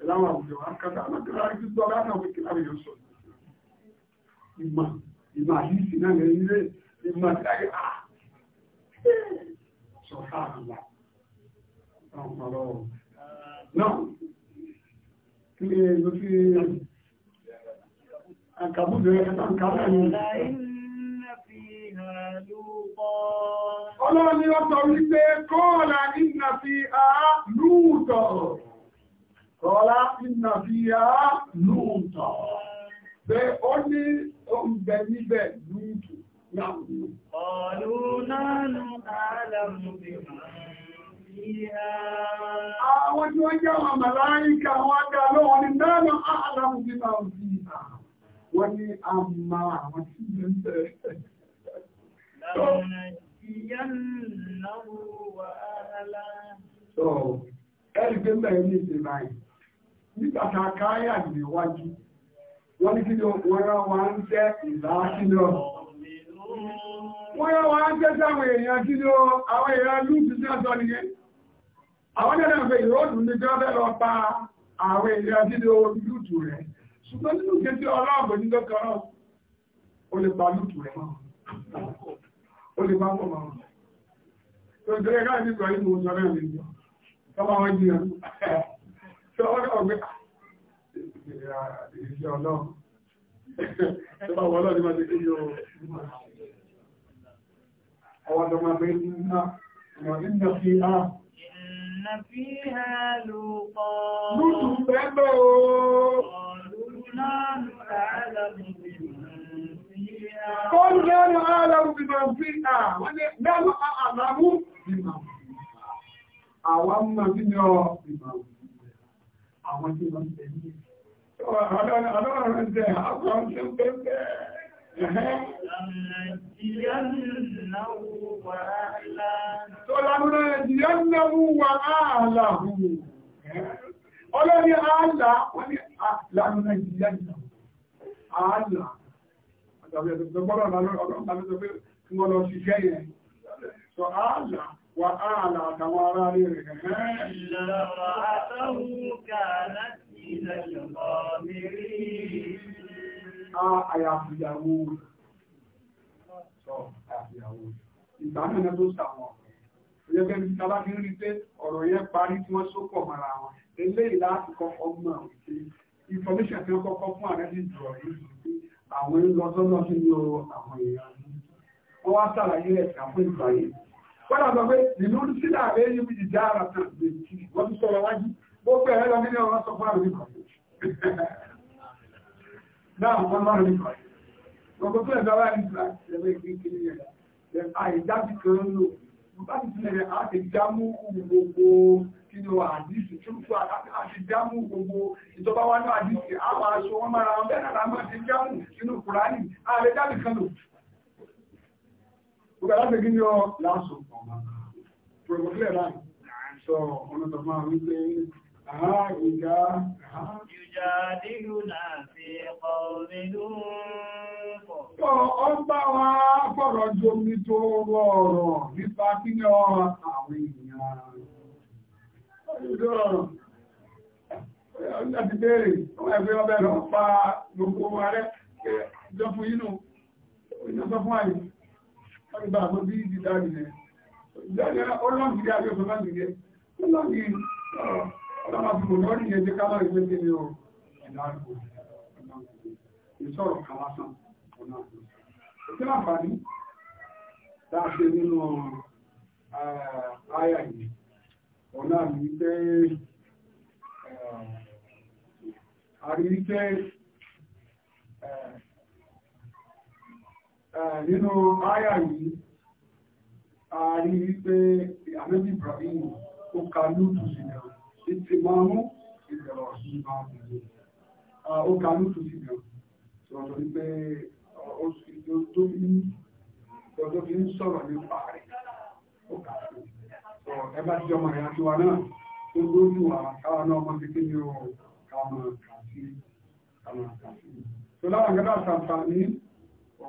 láwọn àwùjọ akátá alágbára ti gbọ́ látàwọn pé kìláàbì yóò sọ. Ìmọ̀ ìmọ̀ àdìsí náà lè nílé ìmọ̀ àti ah! Náà ló fi àkàbùdó Ọlọ́run ni wọ́n sọ wípé kọ́ọ̀lá ìnà fi àá lúùtọ̀. Kọ́ọ̀lá ìnà fi àá lúùtọ̀. Bẹ ó ní oúnjẹ níbẹ̀ lúùtù láàrùn. Ọ̀lú náà nù Àwọn tí wọ́n jẹ́ wọn màláíkà wọ́n dá lọ́wọ́ ní dáná àádọ́mù bí máa ń fi ìhà. Wọ́n ní àmà àwọn tí ó ń So, ẹ̀rì pé mẹ́rin ní ìsìn báyìí. Nígbà tá a káyà níwájú, wọ́n ní kí ni wọ́n rán wa ń jẹ́ ìlàásílọ̀. Wọ́n rán wa ń jẹ́ sáwọn àwọn ẹ̀rẹ́ ìfẹ́ ìrọ́dùn ní gẹ́gẹ́ lọ pa àwọn èèyàn sílé olùtù rẹ̀ ṣùgbọ́n nínú kí tí ọlọ́ọ̀gbọ̀n ní lọ́kọ̀ọ́ o lè pa lùtù rẹ̀ mọ́ o lè pa pọ̀ mọ́ tó jẹ́ káà ní ìgbà ìlú oúnjẹ rẹ̀ lè jọ tọ́ba wọn jìyàn tó ọ̀rẹ́ ọ̀gbẹ́ ìṣẹ́ ọlọ́run tó bá wọ́n lọ́ọ̀dí máa ti kí yóò ọwọ́ tó máa fẹ́ ní ìná ìmọ̀ فيها لوطا لوط بابا قالوا نحن أعلم بمن فيها قالوا نحن أعلم بمن فيها ونحن أعلم بمن فيها àwọn ọmọ nínú ìmọ̀ àwọn tí wọ́n ń tẹ̀lé. Ọ̀dọ́ ọ̀rọ̀ ń tẹ̀ àwọn ọmọ tí ó ń tẹ̀lé. Tọ́lámúná ìjìyànnáwó wà áàlàhù. Ọlọ́ni ààlà, wọ́n ni ààlàmúná ìjìyànnáwó. Ààlà. Àjàbí ẹ̀sùn gbọ́rọ̀ lálọ́sọ pé àyàfìyàwó ìgbàmí ẹ̀nà tó sàwọn ọ̀rẹ́gẹ́ bí tàbá fi ń rí pé ọ̀rọ̀ yẹn parí tí wọ́n sópọ̀ mara wọn eléyìí láti kọ́kọ́ mọ̀ wípé information tí wọ́n kọ́kọ́ fún àrẹ́sì jùlọ yìí àwọn ìlọsọ́lọ́ sí ní àwọn èèyàn wọ́n wá sàlàyé ẹ̀ka fún ìgbà yìí wọ́n sọ pé ìlú sílẹ̀ àrẹ́ yìí bí ìjà ara tàn lè kí wọ́n ti sọ̀rọ̀ wájú gbogbo ẹ̀rẹ́ lọ nínú ọ̀rọ̀ sọ fún àrẹ́sì Now, one more request. Gbogbo tó ẹ̀dọ́ wá nípa ẹ̀rọ ìgbé kiri ẹ̀dá. Àìdájú kan ń lò. Bá ti tilẹ̀ a ti dámú gbogbo nínú àdísì tó fún a ti dámú gbogbo ìjọba wa ní àdísì. A wà aṣọ wọn mara wọn bẹ́ẹ̀ náà máa ti dámú nínú Kùránì. A lè dájú kan lò. Gbogbo aláṣẹ kí ni ọ láṣọ. Gbogbo tó ẹ̀dá. Sọ ọ̀nà tó máa wí هائدا يجادلنا في قوم لوط ọba wa fọ̀rọ̀ jomi tó rọrọ̀ nípa kí ní ọ̀rọ̀ àwọn èèyàn ọ̀rọ̀ láti béèrè ọmọ ẹgbẹ́ ọbẹ̀ lọ pa gbogbo ààrẹ jọ fún yínú ìjọsọ fún àyè ọdúnbà àgbọ́ bí ìdídá nìyẹn ọlọ́gìrì àbí ọ̀sán láti gẹ́ ọlọ́gìrì ọ̀rọ̀ ọlọ́mà fi mọ̀ lọ́rí ẹjẹ́ kámà ìwé ní ní ọ̀rọ̀ ìdáàbò ìṣọ́rọ̀ kàlásán ọ̀nà kí láǹfààní dáṣe nínú àyà eh, yìí ọ̀nà mi pẹ́ àrí pẹ́ nínú àyà yìí àrí pé àmẹ́bí Ibrahim ó ka lóòtù sí ẹ̀rọ títí máa mú ìbẹ̀rọ̀ sí máa mú ó ka ní tòsí gan sọ̀rọ̀ ní pé ọjọ́ fi ń sọ̀rọ̀ nípa rẹ̀ ó kà sí ẹ bá ti ọmọ ìyá tiwa náà tó lóyún wa káwa náà ọmọ kékeré o káwa máa kà sí káwa máa kà sí. tó lára ń gbọ́dọ̀ sàǹfààní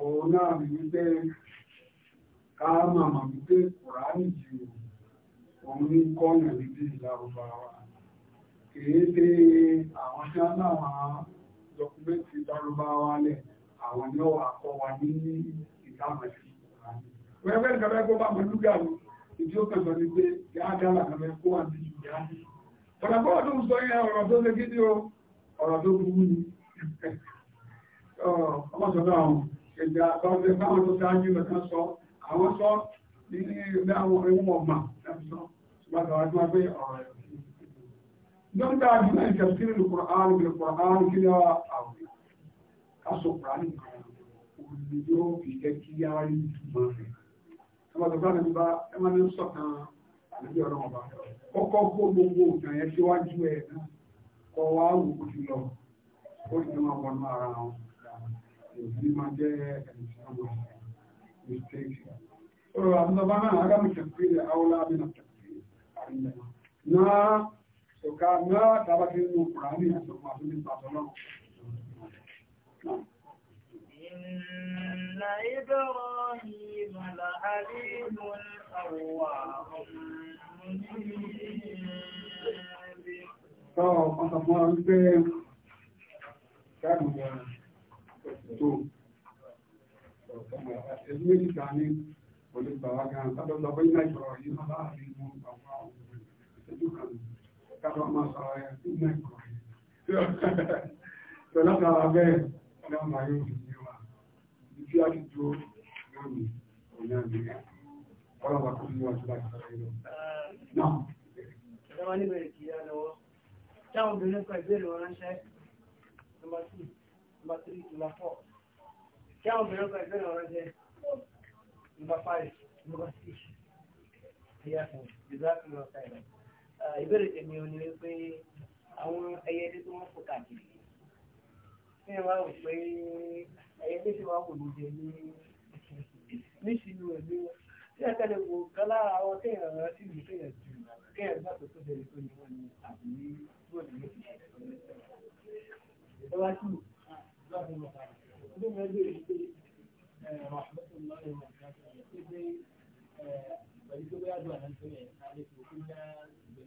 òun náà mi wípé ká máa mọ̀ wípé kùránì jù òun ní kọ́ọ̀nà níbi ìlà òbá wa kìí pé àwọn tí wọ́n láwọn dọkumẹ́ntì dárúbáwá lẹ̀ àwọn ni wọ́n akọ wa ní ìdámọ̀ sí wọ́n fẹ́ nǹkan mẹ́kọ́ bá mọ̀ lúgà wù ìdí ó kàn sọ ní pé kí á dára kan mẹ́kọ́ wà ní ìyá ọ̀nà bọ́ọ̀ o ọ̀rọ̀ tó burú ni ọmọ sọ̀rọ̀ àwọn ìjà àbáwọ̀dé fáwọn tó sáájú don da jina in tafsir al-Qur'an bil Qur'an kila awi ka so Qur'an kan ni yo fi ke ki ari tuma re ama to kana ba ama ni so kan ani yo ro ba o ko ko gbogbo kan yẹn ti wa ju e na ko wa wu ku ti lo o ni ma won ma ara wọn ni ma je en ti mo mistake o ro abna bana aga mi tafsir awla min at-tafsir na Ẹ̀ka mìíràn tàbá kí nínú Kùránì àtọ́kùn àti nípa tọ́lọ́rùn. Inna Ibrahim la'alimun awwahun Tọ́ ọ̀pọ̀ mọ́ wípé ṣáàmù wọn tó ẹgbẹ́ ìta ní olùgbàwà gan-an, tàbí ọ̀pọ̀ ìlà ìṣọ̀rọ̀ yìí máa láàrin mú àwọn àwọn ìṣẹ́jú kan káwọn máa sọ ara ẹ̀ sí mẹ́kọ̀ọ́ tó látara bẹ́ẹ̀ ọlọ́mà yóò fi ní wa tí a ti tó lónìí ọ̀nà ìrìnà ọlọ́mà kò ní wájú láti sọ ẹ̀rọ náà ìjọba níbẹ̀rẹ̀ kìí yá lọ́wọ́ táwọn obìnrin kan ìbéèrè wọn ránṣẹ́ nọmba 2 nọmba 3 nọmba 4 táwọn obìnrin kan ìbéèrè wọn ránṣẹ́ nọmba ìbéèrè tèmi ò ní wípé àwọn ẹyẹlé tó wọ́n fò káàkiri ní ìwà wò pé ẹyẹlé tí wọ́n wò ló jẹ ní níṣìlú ẹ̀mí wọn tí a tẹ́lẹ̀ wò kan lára àwọn kéèyàn rán sí ìlú kéèyàn jù kéèyàn gbà tó tó ṣẹlẹ̀ tó ní wọn ni àbí ní bóòlù ní ìṣẹ̀lẹ̀ tó wá sí lọ́dún lọ́dún ọdún mẹ́rin lè rí pé ràhùn lọ́dún lọ́dún lọ́dún pé pé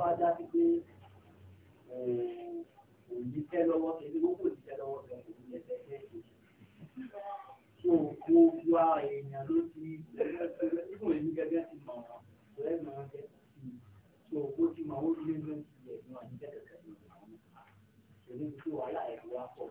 wá já sí pé kò jíṣẹ́ lọ́wọ́ kẹ́lí ó kò jíṣẹ́ lọ́wọ́ kẹ́lí kò jíṣẹ́ lọ́wọ́ kẹ́lí. tó o kó ju ara èèyàn ló ti kò ní gẹ́gẹ́ ti mọ̀ wọn kò lẹ́nu wọn jẹ́ tó o kó ti mọ̀ ó ní gẹ́gẹ́ ti yẹ̀ ní wọn ní gẹ́gẹ́ kẹ́lí. èmi ti wàhálà ẹ̀ wá pọ̀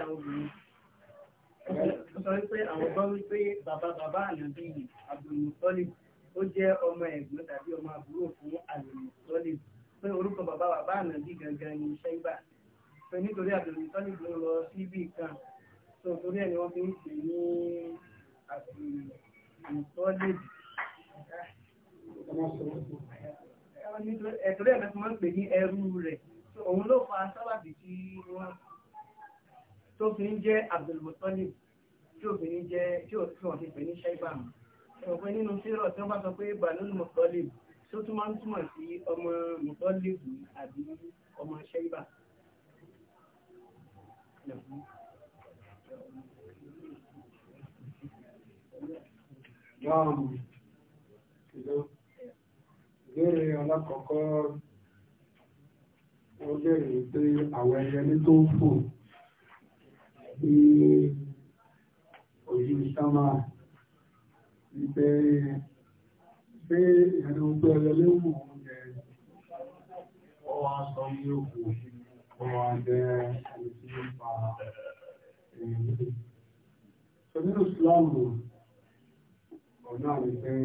àwọn obìnrin ó sọ wípé àwọn gbọ́ wípé bàbá bàbá ànàbí àbùrùmùsọ́lì ó jẹ́ ọmọ ẹ̀gbọ́n tàbí ọmọ àbúrò fún àbùrùmùsọ́lì pé orúkọ bàbá bàbá ànàbí gangan ni ṣẹ́gbà pé nítorí àbùrùmùsọ́lì ló lọ síbì kan tó torí ẹ̀ ni wọ́n fi ń pè ní àbùrùmùsọ́lì nítorí ẹ̀ lọ́sọ̀ máa ń pè ní ẹrú rẹ̀ òun ló fa sábàbí tí wọ́n tó fi ń jẹ́ Abdulmutalib tí obìnrin jẹ́ tí wọ́n ti pè ní ṣẹ́gbà mọ́ ẹ̀rọ pé nínú sírọ̀ tí wọ́n bá sọ pé Banul Mutalib tó tún máa ń túmọ̀ sí ọmọ Mutalib àbí ọmọ ṣẹ́gbà. Naam. Ìbéèrè alákọ̀ọ́kọ́ ó béèrè pé àwọn ẹyẹ ní tó fò sí òjì sámà wípé pé ẹni ogun ẹlẹ́lẹ́wù oúnjẹ ọwọ́ sọ ní òkú ọwọ́ jẹ́ ẹni tí ó fa èèyàn lé. sọ nínú ìsìláàmù ọ̀nà àwẹ̀fẹ́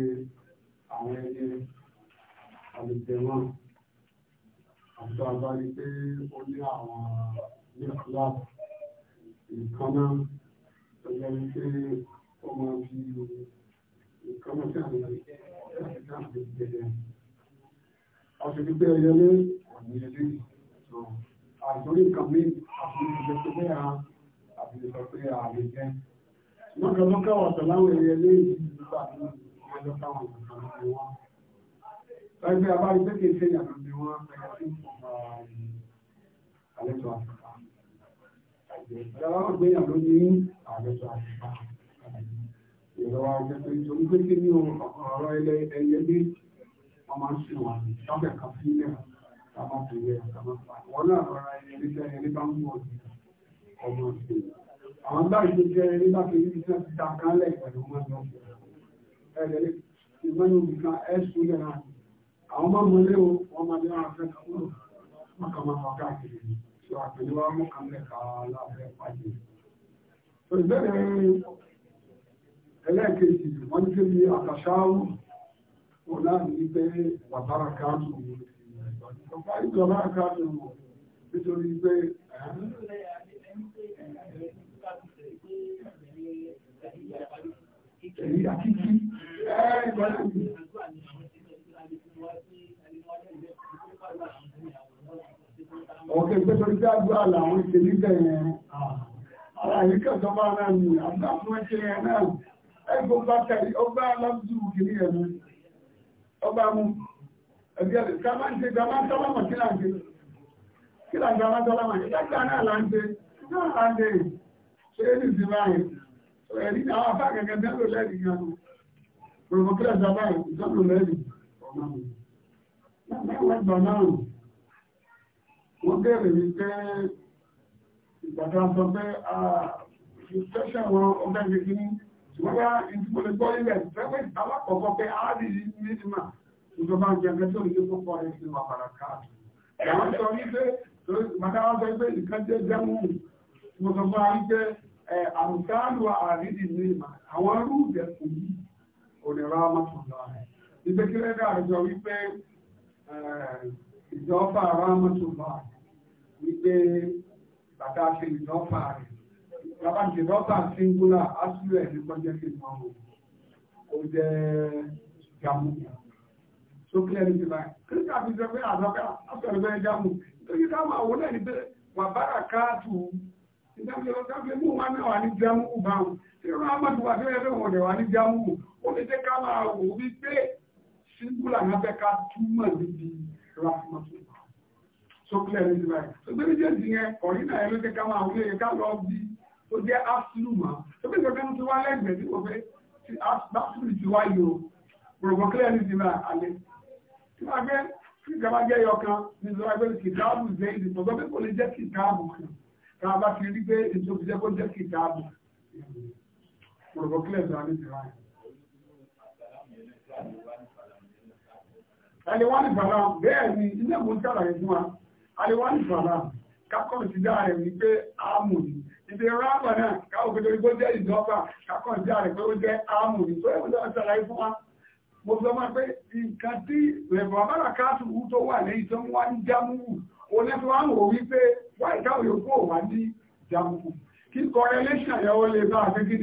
àwọn ẹni àlùjẹ̀wọ̀n àti àbárí pé ó ní nǹkan náà ẹgbẹ́ wípé ó máa fi nǹkan náà sí àwọn láti dáàbò ìgbẹ́lẹ̀ ọ̀sẹ̀ gbígbé ẹyẹlé ọ̀nà ilé àìsórí nǹkan mí àfihàn pé bẹ́ẹ̀ a àfihàn sọ pé ààrẹ jẹ́ lọ́kọ̀lọ́kọ̀ ọ̀sẹ̀ láwọn ẹyẹlé ìgbà tí wọ́n jọ táwọn nǹkan ní wọn ẹgbẹ́ abáyé pé kèé ìjọba àwọn báyìí tó jẹ́ ẹyẹ bá fi ní ti ta kánlẹ̀ pẹ̀lú wọn lọ ẹ̀rẹ́ ìmọ̀lẹ́ òbíkan ẹ̀sùn lẹ́ra àwọn máa mọ̀lẹ́ o wọ́n máa lé àwọn afẹ́ kan kúrò wọ́n kà máa sọ àpèjọba mú kan mẹ́ta láàfẹ́ pàdé. So ìbẹ̀rẹ̀ ẹlẹ́ẹ̀kejì wọ́n ní kébí àtàṣáwù tó náà ní pé wàbára káàtù ọ̀pá ìjọba káàtù nítorí pé èyí àkíkí ẹ̀ẹ́gbẹ̀rẹ̀ ọ̀kẹ́ ìgbésọ̀rí tí a gbọ́ àlà àwọn ìṣe níbẹ̀ yẹn ara yìí kẹsàn bá náà ní àgbà fún ẹṣẹ yẹn náà ẹgbẹ́ bá tẹ̀lé ọgbà alábùsù kìíní yẹn ní ọgbà mú ẹgbẹ́ rẹ̀ sábà ń ṣe gbàmá sálámà kí là ń ṣe kí là ń gbàmá sálámà kí lágbà náà là ń ṣe náà là ń ṣe ṣe é ní ìsinmi ààyè ẹ̀rí ní àwọn afá gẹ́gẹ́ bẹ́ẹ̀ ló lẹ́rìí yẹn nù pòròmọ́kílẹ̀ sábà ìsọ́nù lẹ́rìí ọ̀nà ó bẹ̀rẹ̀ ní pé ìgbàdá sọ pé ìfẹ́ṣẹ̀ ah, wọn ọgbẹ́ mi kí ní ṣùgbọ́n bá ìdúgbò lè gbọ́ ilẹ̀ ìfẹ́wé alákọ̀ọ́kọ́ pé áàdì ní ìmà ìjọba ń jẹun tó lè kó pọ̀ ní ìmọ̀ àpàrà káàdì. àwọn sọ wípé màdá wọn sọ pé nǹkan jẹ́ jẹ́mú mo sọ fún wa wípé eh, àrùkáàlù àrídì ní ìmà àwọn rúùbẹ̀ kò yí ònìrà mọ́tòlá rẹ̀. ìgbékilẹ́dà àjọ wípé eh, ìjọba rámọ́tòlá rẹ̀ wípé bàtà ṣe ìdọ́fà rẹ̀ bàbá ṣe ìdọ́fà síngúlà ásílẹ̀ ní kọjá kí n mọ̀ ó jẹ́ jàmù sókè ẹni ti báyìí kíríkà fi sọ pé àdọ́fà ásọ̀rọ̀ bẹ́ẹ̀ jàmù lórí táwọn àwọn náà ní pé wà bára káàtù ìdájọ́ mú wa náà wà ní jàmù báwọn tí wọ́n á mọ̀tò wà sí ẹgbẹ́ wọn wà ní jàmù ó lè jẹ́ ká máa wò wípé síngúlà náà fẹ́ ká túmọ̀ níbi rahmatu tó kílẹ̀ ní ti báyìí tó gbé méjèèjì yẹn ọ̀rìn náà ló jẹ́ ká máa wọlé ká lọ bí tó jẹ́ áṣìlù mọ́ tó gbé ìjọba tí wọ́n lẹ́gbẹ̀ẹ́ tí kò fẹ́ tí áṣìlù ti wá yòó gbogbo kílẹ̀ ní ti báyìí alẹ́ tí wọ́n gbé kí ìjọba jẹ́ yọkan ní ìjọba gbé kìtáàbù jẹ́ ìdí tó gbé kò lè jẹ́ kìtáàbù kan tá a bá ti rí pé ètò ìjẹ́ kó jẹ́ kìtáàbù gbogbo kílẹ̀ ní ti báyìí ẹni wọ́n ní bàbá bẹ́ẹ̀ ni ilé ìwòsàn àlàyé àríwá ìfàlà kákọ̀ọ̀ sí dáa rẹ̀ wípé àmùdí ìdè rábà náà káwọ̀ pé torí bó jẹ́ ìdọ́gba kákọ̀ọ̀ sí dáa rẹ̀ pé ó jẹ́ àmùdí tó ẹ̀wọ̀n tó ṣàlàyé fún wa mo sọ máa pé nǹkan tí rẹ̀bọ̀ abára káàtù wú tó wà lẹ́yìn tó ń wá ní jámúwù onẹ́tọ́ wá ń wò wípé wá ìdáwò yòókù ò wá ní jámúwù kí correlation yẹn ó lè bá la ara yìí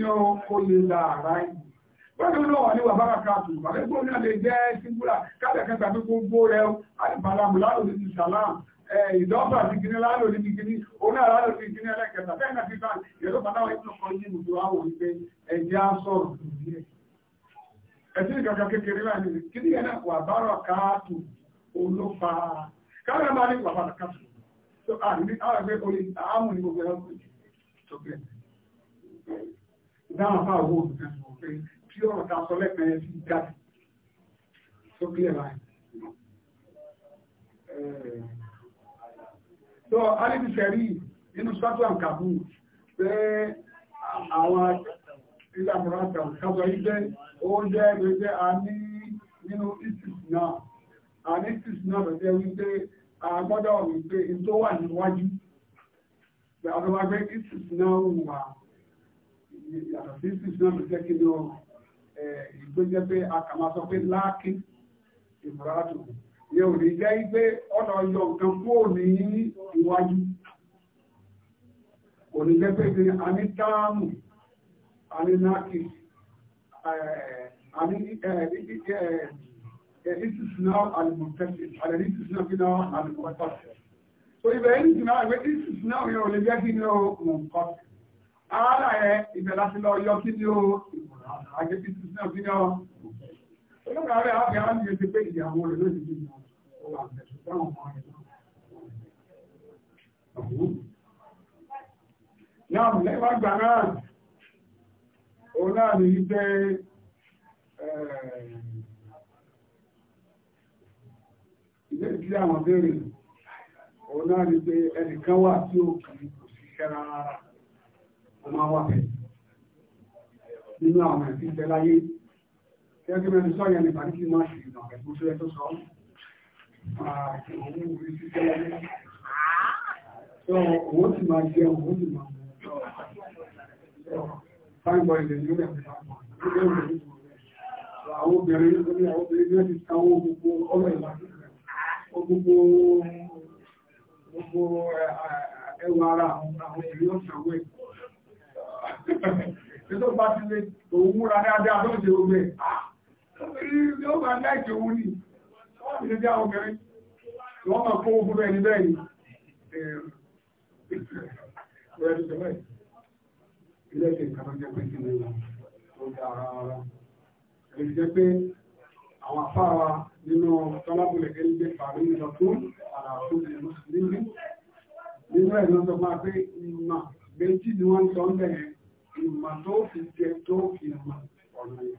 rẹ̀ ìdọ́fà sí kí ní láàrò ní kíkiri òun náà láàrò sí kí ní ẹlẹ́kẹta bẹ́ẹ̀ náà fífà yẹ̀lú pàtàkì ìlú kan ní ibùdó àwọn olùgbé ẹ̀jẹ̀ á sọ̀rọ̀ lórí ẹ̀ ẹ̀sìn ìkàkà kékeré láàrin rẹ̀ kí ní yẹn náà wà bárọ̀ káàtó olófa káàrà bá ní wà bárọ̀ káàtó tó àrí àwọn ẹgbẹ́ orí àámù ní gbogbo ẹ̀rọ tó bẹ̀ dáhùn fáwọn owó olùkẹ́sùn pé tí ọ̀rọ̀ so alibi sẹ́rí inú scotland kabu pé àwọn ilẹ̀ àmúrátà kábọ̀ yìí jẹ́ oúnjẹ gbẹgbẹ́ a ní nínú isis náà a ní isis náà bẹ̀rẹ̀ wípé a gbọ́dọ̀ wípé n tó wà níwájú àtọ́wàgbé isis náà wà yàtọ̀ sí isis náà bẹ̀rẹ̀ kí ni ọ ìgbẹ́jẹ́ pé a kà máa sọ pé láàkín ìmúrátà ni ò ní jẹ́ pé ọ̀nà yọ nǹkan kúrò ní iwájú kò ní jẹ́ pé ní a ní táàmù a ní náàkì eh, a ní ìsìsìná alìmọ̀tẹ́sì àrẹ̀lẹ́ ìsìsìná kí náà alìmọ̀tẹ́sì so ibẹ̀ ìsìsìná ìwé ìsìsìná òyìn your, lè jẹ́ kí ní ọmọ nǹkan ara your, ìbẹ̀ láti lọ yọ kí ní ọmọ nǹkan olóògbà rẹ̀ á fi á ní ẹgbẹ́ ìyàwó rẹ̀ lóṣù tó yàn ó wà bẹ̀rù táwọn ọmọ rẹ̀ náà. Náà lẹ́wà gbà náà, òun náà ní pé ilé tí àwọn béèrè òun náà ní pé ẹnìkan wà tí ó kìí kò sí ṣẹ́ra rárá, wà bẹ̀rẹ̀ nínú àwọn ẹ̀sìn tẹ́láyé gẹ́gẹ́ bí ẹni sọ́yẹ̀ ní bàríkì máa ṣe ìdàn ẹ̀kú tó yẹ tó sọ òun orí sí tẹ́lẹ̀ tó owó sì máa jẹ owó sì máa mú fáìbọ̀ ilẹ̀ ní orí àti fáìbọ̀ àwọn obìnrin ní àwọn obìnrin ní ẹni káwọ́ gbogbo ọ̀rọ̀ ìlà gbogbo gbogbo ẹwà ara àwọn obìnrin ọ̀sán wẹ̀ Nítorí bá ti lè òun múra dáadáa lóòjẹ́ ogbẹ̀, ah! yóò máa láìkì òun ni wọ́n fi jẹ́ obìnrin wọ́n máa kó ogun ẹni bẹ́ẹ̀ ni ilé ẹ̀kẹ́ ìkàtọ́ jẹ́ pé kí ni ó dá ara ara ẹ̀rí jẹ́ pé àwọn afára nínú tọ́lábùlẹ̀ kẹ́lí jẹ́ fàárí nìkan tó àlàáfó ní mùsùlùmí nínú ẹ̀ ló sọ máa pé ìmà méjì ni wọ́n sọ ń bẹ̀rẹ̀ ìmà tó fi jẹ tó fi mà ọ̀nà ìlú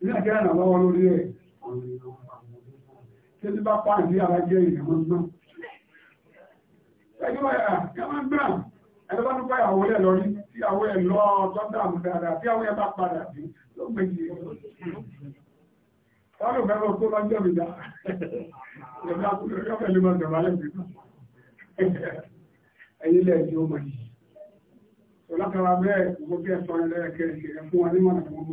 ilé ẹ̀jẹ̀ ẹ̀ràn lọ́wọ́ lórí ẹ̀ ṣé tí bá pàǹdí ara jẹ́ ìyàmọ́ náà ẹjọ́ ẹ̀rà ẹ̀mọ́ gbà ẹ̀rọ bá dúpẹ́ àwọ̀ ẹ̀ lọ rí tí àwọ̀ ẹ̀ lọ tọ́jú àmú dáadáa tí àwọ̀ ẹ̀ bá padà sí ló méjì Tọ́lù fẹ́ràn tó lọ́jọ́ mi dá. Ìjọba kúrò yọ́fẹ́ lè máa jọba lẹ́gbẹ̀ẹ́ náà. Ẹyí lẹ́ẹ̀jọ́ mọ̀ yìí. Tọ́lákàrà bẹ́ẹ̀ gbogbo kí ẹ sọ ẹlẹ́ẹ̀kẹ́ ìṣẹ̀lẹ̀ fún wa nímọ̀nà fún ọmọ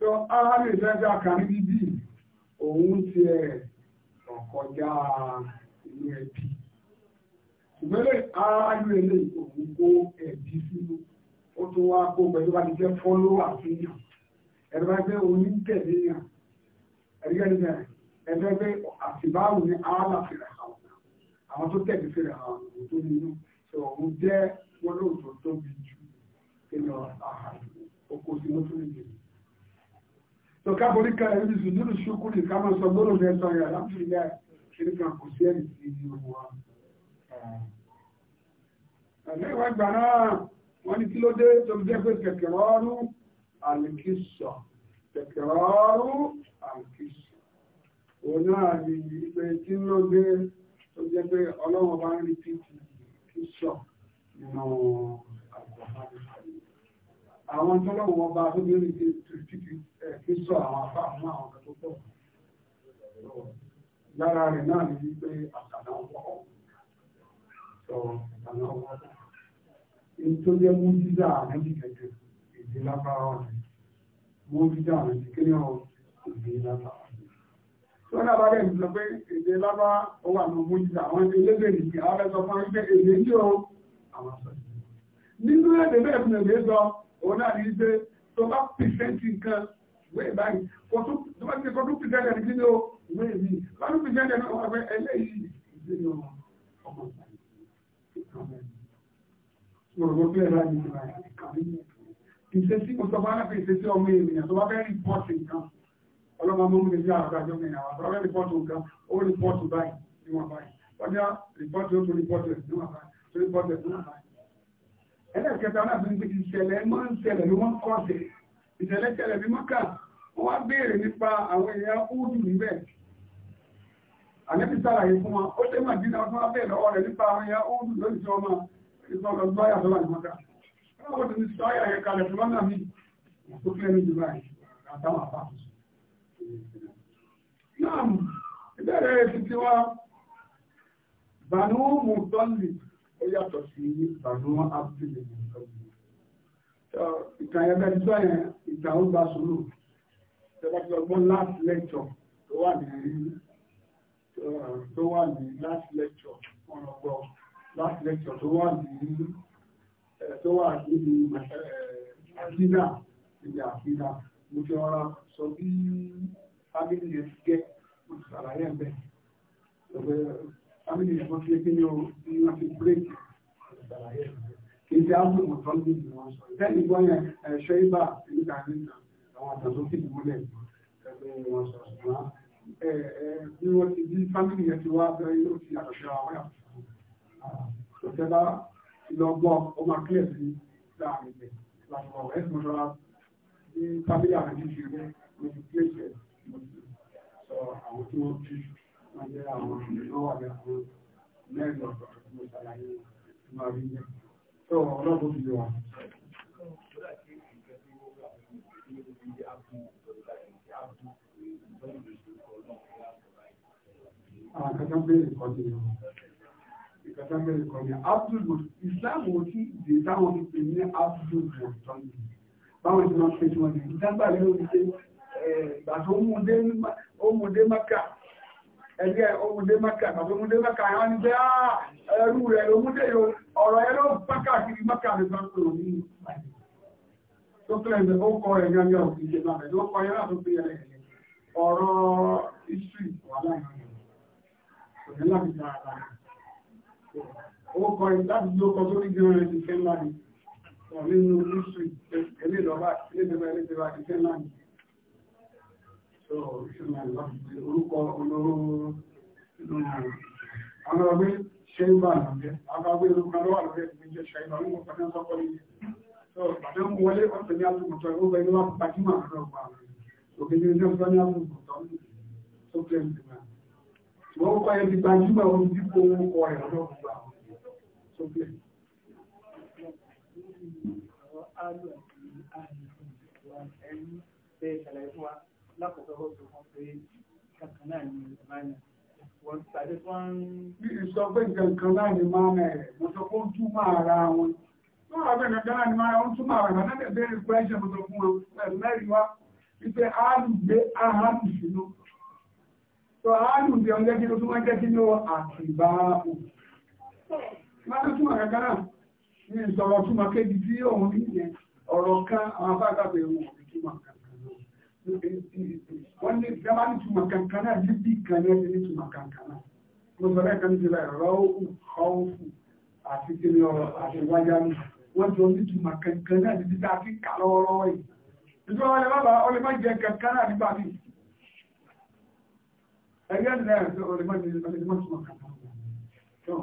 so arábìnrin lẹ́gbẹ́ àkàrí bíbí òun ti ẹ̀ ọ̀kọjá inú ẹbí ìgbélé aráàlú ilé òun kó ẹbí sínú ó tún wá kó pẹ̀lú bá ti jẹ́ fọ́lọ́wà fíyàn ẹ̀rọ bá jẹ́ onítẹ̀lé yàn ẹ̀rígẹ́ni bẹ̀rẹ̀ ẹ̀fẹ́ pé àtìbáwò ní ààlà fèrè àwọn àwọn tó tẹ̀lé fèrè àwọn òun tó nínú sọ òun jẹ́ wọ́n lóòótọ́ tóbi ju kí lọ àhàlù oko sínú tó lè tó káborí kan ẹ̀rí bíi sùdúrù ṣúkúrì ká máa sọ gbọ́dọ̀ ní ẹ̀sán yà láfíìyà kiri kan kò sí ẹ̀rí sí ní ọmọ wa. ẹ̀mí ìwà ìgbà náà wọ́n ní kí ló dé tó fi jẹ́ pé kẹ̀kẹ́ rọ́ọ̀rù àlìkísọ̀ kẹ̀kẹ́ rọ́ọ̀rù àlìkísọ̀ òun náà ní ìpè tí ń lọ gbé tó jẹ́ pé ọlọ́wọ́ bá ń rí pípì kísọ̀ nínú àgbà àwọn tọ́lọ́wọ́ wọn bá tó lérí ti sọ àwọn afá àwọn àwọn kan tó pọ̀ lára rẹ̀ náà ní wípé àtàlà ọkọ̀ sọ àtàlà ọkọ̀ nítorí mú jíjà àwọn ti kẹ̀kẹ́ èdè lápára ọ̀rẹ́ mú jíjà àwọn ti kéré ọ̀rẹ́ èdè lápára tó ní àbálẹ̀ ìlú pé èdè lábá ó wà ní ọmọ ìjà àwọn ẹlẹ́gbẹ̀ nìkì ààrẹ sọ fún ẹgbẹ́ èdè yìí ó àwọn sọ nínú ẹ̀dẹ̀ bẹ́ẹ̀ fún ẹ̀dẹ̀ sọ òun náà ní pé tó bá pìfẹ́ǹtì nǹkan wéè báyìí kò tún tó bá ti kò tún pìfẹ́ǹtì ẹni kí ni ó wéè mi bá tún pìfẹ́ǹtì ẹni ọmọ ẹgbẹ́ ẹlẹ́yìí ìdílé ọmọ ìṣesí mọ̀sọ̀bá náà fi ìṣesí ọmọ ènìyàn tó bá fẹ́ rìpọ́tì nǹkan ọlọ́mọ mú mi sí àgbàjọ mi àwọn àbúrò rìpọ́tì nǹkan ó rìpọ́tì báyìí níwọ̀n báyìí wọ́n já rìpọ́tì ó tún rìpọ́tì níwọ̀n báyìí tó rìpọ́tì níwọ̀n báyìí ẹlẹ́kẹta náà fún ìṣẹ̀lẹ̀ máa ń ṣẹlẹ̀ ló wọ́n kọ́ sí ìṣẹ̀lẹ̀ ṣẹlẹ̀ bí mọ́kà wọ́n wá béèrè nípa àwọn èèyàn údù níbẹ̀ àlẹ́bí sàlàyé fún wọn ó ṣe máa dín náà fún abẹ́ lọ́wọ́ rẹ̀ nípa àwọn èèyàn údù lórí tí wọ́n máa ìsọ̀rọ̀ lọ́yà tó wà ní mọ́kà wọ́n ti ní sọ́yà yẹn kalẹ̀ fún lọ́nà mi bànú mùtọ́lì ó yàtọ̀ sí ìbànú ápùlẹ̀ ìtọ́jú ìtàn ẹgbẹ́ nígbà yẹn ìtàn ó gba sùúrù ìjọba ti ọgbọ́n last lecture tó wà ní tó wà ní last lecture wọn lọ gbọ́ last lecture tó wà ní tó wà níbi àfíìdà níbi àfíìdà mo fi ọ̀rọ̀ sọ bí family yẹn ti jẹ́ mo ti sàlàyé ẹ̀ bẹ́ẹ̀ àmì ìyàwó fi ẹgbẹ́ ní ọ̀rọ̀ ní wọ́n fi bírèkì ìdí áfíríkù tó ń bí ìlú wọn sọ ìtẹ́ni gbọ́ yẹn ẹ̀ṣọ́ ibà nígbà nígbà àwọn àtàtò fìdí múlẹ̀ ẹgbẹ́ wọn sọ ṣùgbọ́n bí wọ́n ti bí fámìlì yẹn ti wá bẹ́ẹ̀ yóò fi àtàṣe àwọn yàtọ̀ òtẹ́ bá lọ gbọ́ ó máa kílẹ̀ sí láàrin ibẹ̀ láti wọ̀ ẹ̀sìn mọ́tọ́lá bí fámìlì àwọn ti fi rẹ̀ lójú kílẹ̀ ìṣẹ̀ àwọn tí wọ́n ti wọ́n jẹ́ àwọn ìlú wà lẹ́kọ̀ọ́ mẹ́rin ọ̀dọ̀ tí mo ṣàlàyé máa rí jẹ́ tó ọlọ́gbọ́n fi wà. Ìkàtàbẹ̀rẹ̀ kan ní Abdul Ìsìláàmù tí ìdè táwọn ti pè ní Abdul Mọ̀tọ́nì. Báwọn ìsìnà ẹgbẹ́ ọmọdé mẹ́kà àwọn ọmọdé mẹ́kà àwọn ní bẹ́ ẹrú rẹ̀ lómúdé yóò ọ̀rọ̀ ẹ ló bákà kiri mẹ́kà lè bá pè òní tó pẹ́ ẹ̀mẹ́ ó kọ rẹ̀ yán yán òfin jẹba rẹ̀ ló kọ yán láti ní láti dára ẹ̀ ló kọ ẹ̀ ti orúkọ olóró inú àrùn. Àwọn ọgbẹ́ ṣe ń bà náà jẹ́, àwọn ọgbẹ́ orúkọ lọ́wọ́ lọ́wọ́ ẹ̀kùn jẹ́ ṣe ìbà nínú ọ̀pọ̀ náà sọ́kọ́ yìí. So, bàtẹ́ ń wọlé ọ̀sẹ̀ ní àtúntọ̀ ẹ̀kọ́ bẹ́ẹ̀ ni wọ́n pa jí màá rọ̀ pa. Òkè ní ilé ọ̀sẹ̀ ní àtúntọ̀ tó kẹ́ Wọ́n kọ́ ẹni gbajúmọ̀ ohun tí kò ń kọ ẹ̀ lọ́dọ̀ gbogbo àwọn sókè. Ẹni bẹ́ẹ̀ lákòókò ó sọ fún pé kankan náà ni ìmáàmù wọn tàbí wọn. bí ìsọ pé kankan náà ni máa mẹ mo sọ pé ó ń túmọ̀ ara wọn wọn àbẹ̀ kankan náà ni máa ó ń túmọ̀ ara wọn náà bẹ̀rẹ̀ pẹ́ṣẹ̀ mo sọ fún wọn mẹ́rin wá wípé áàlù gbé áàlù sínú tó áàlù gbé ọjọ́ kí ló tún wọ́n jẹ́ kí ló àtìbá òun. máa tó túmọ̀ kankan náà ní ìsọ̀rọ̀ túmọ̀ kéjì tí òun ní ìyẹn ọ̀rọ̀ kan àwọn afáàgbàgbẹ̀ òun ò wọ́n ní ìjọba ní túmọ̀ kankan náà ní bí kan náà ní túmọ̀ kankan náà mo sọ bẹ́ẹ̀ kan ní ìjọba ìrọ́wù kọ́ọ̀fù àti kíni ọ̀rọ̀ àti wájà mi wọ́n jọ ní túmọ̀ kankan náà ní títà fi kà lọ́wọ́lọ́wọ́ yìí ìjọba wọn lè má bàa ọ lè má jẹ kankan náà nígbà míì ẹgbẹ́ nìyẹn ọ lè má jẹ ọ lè má túmọ̀ kankan náà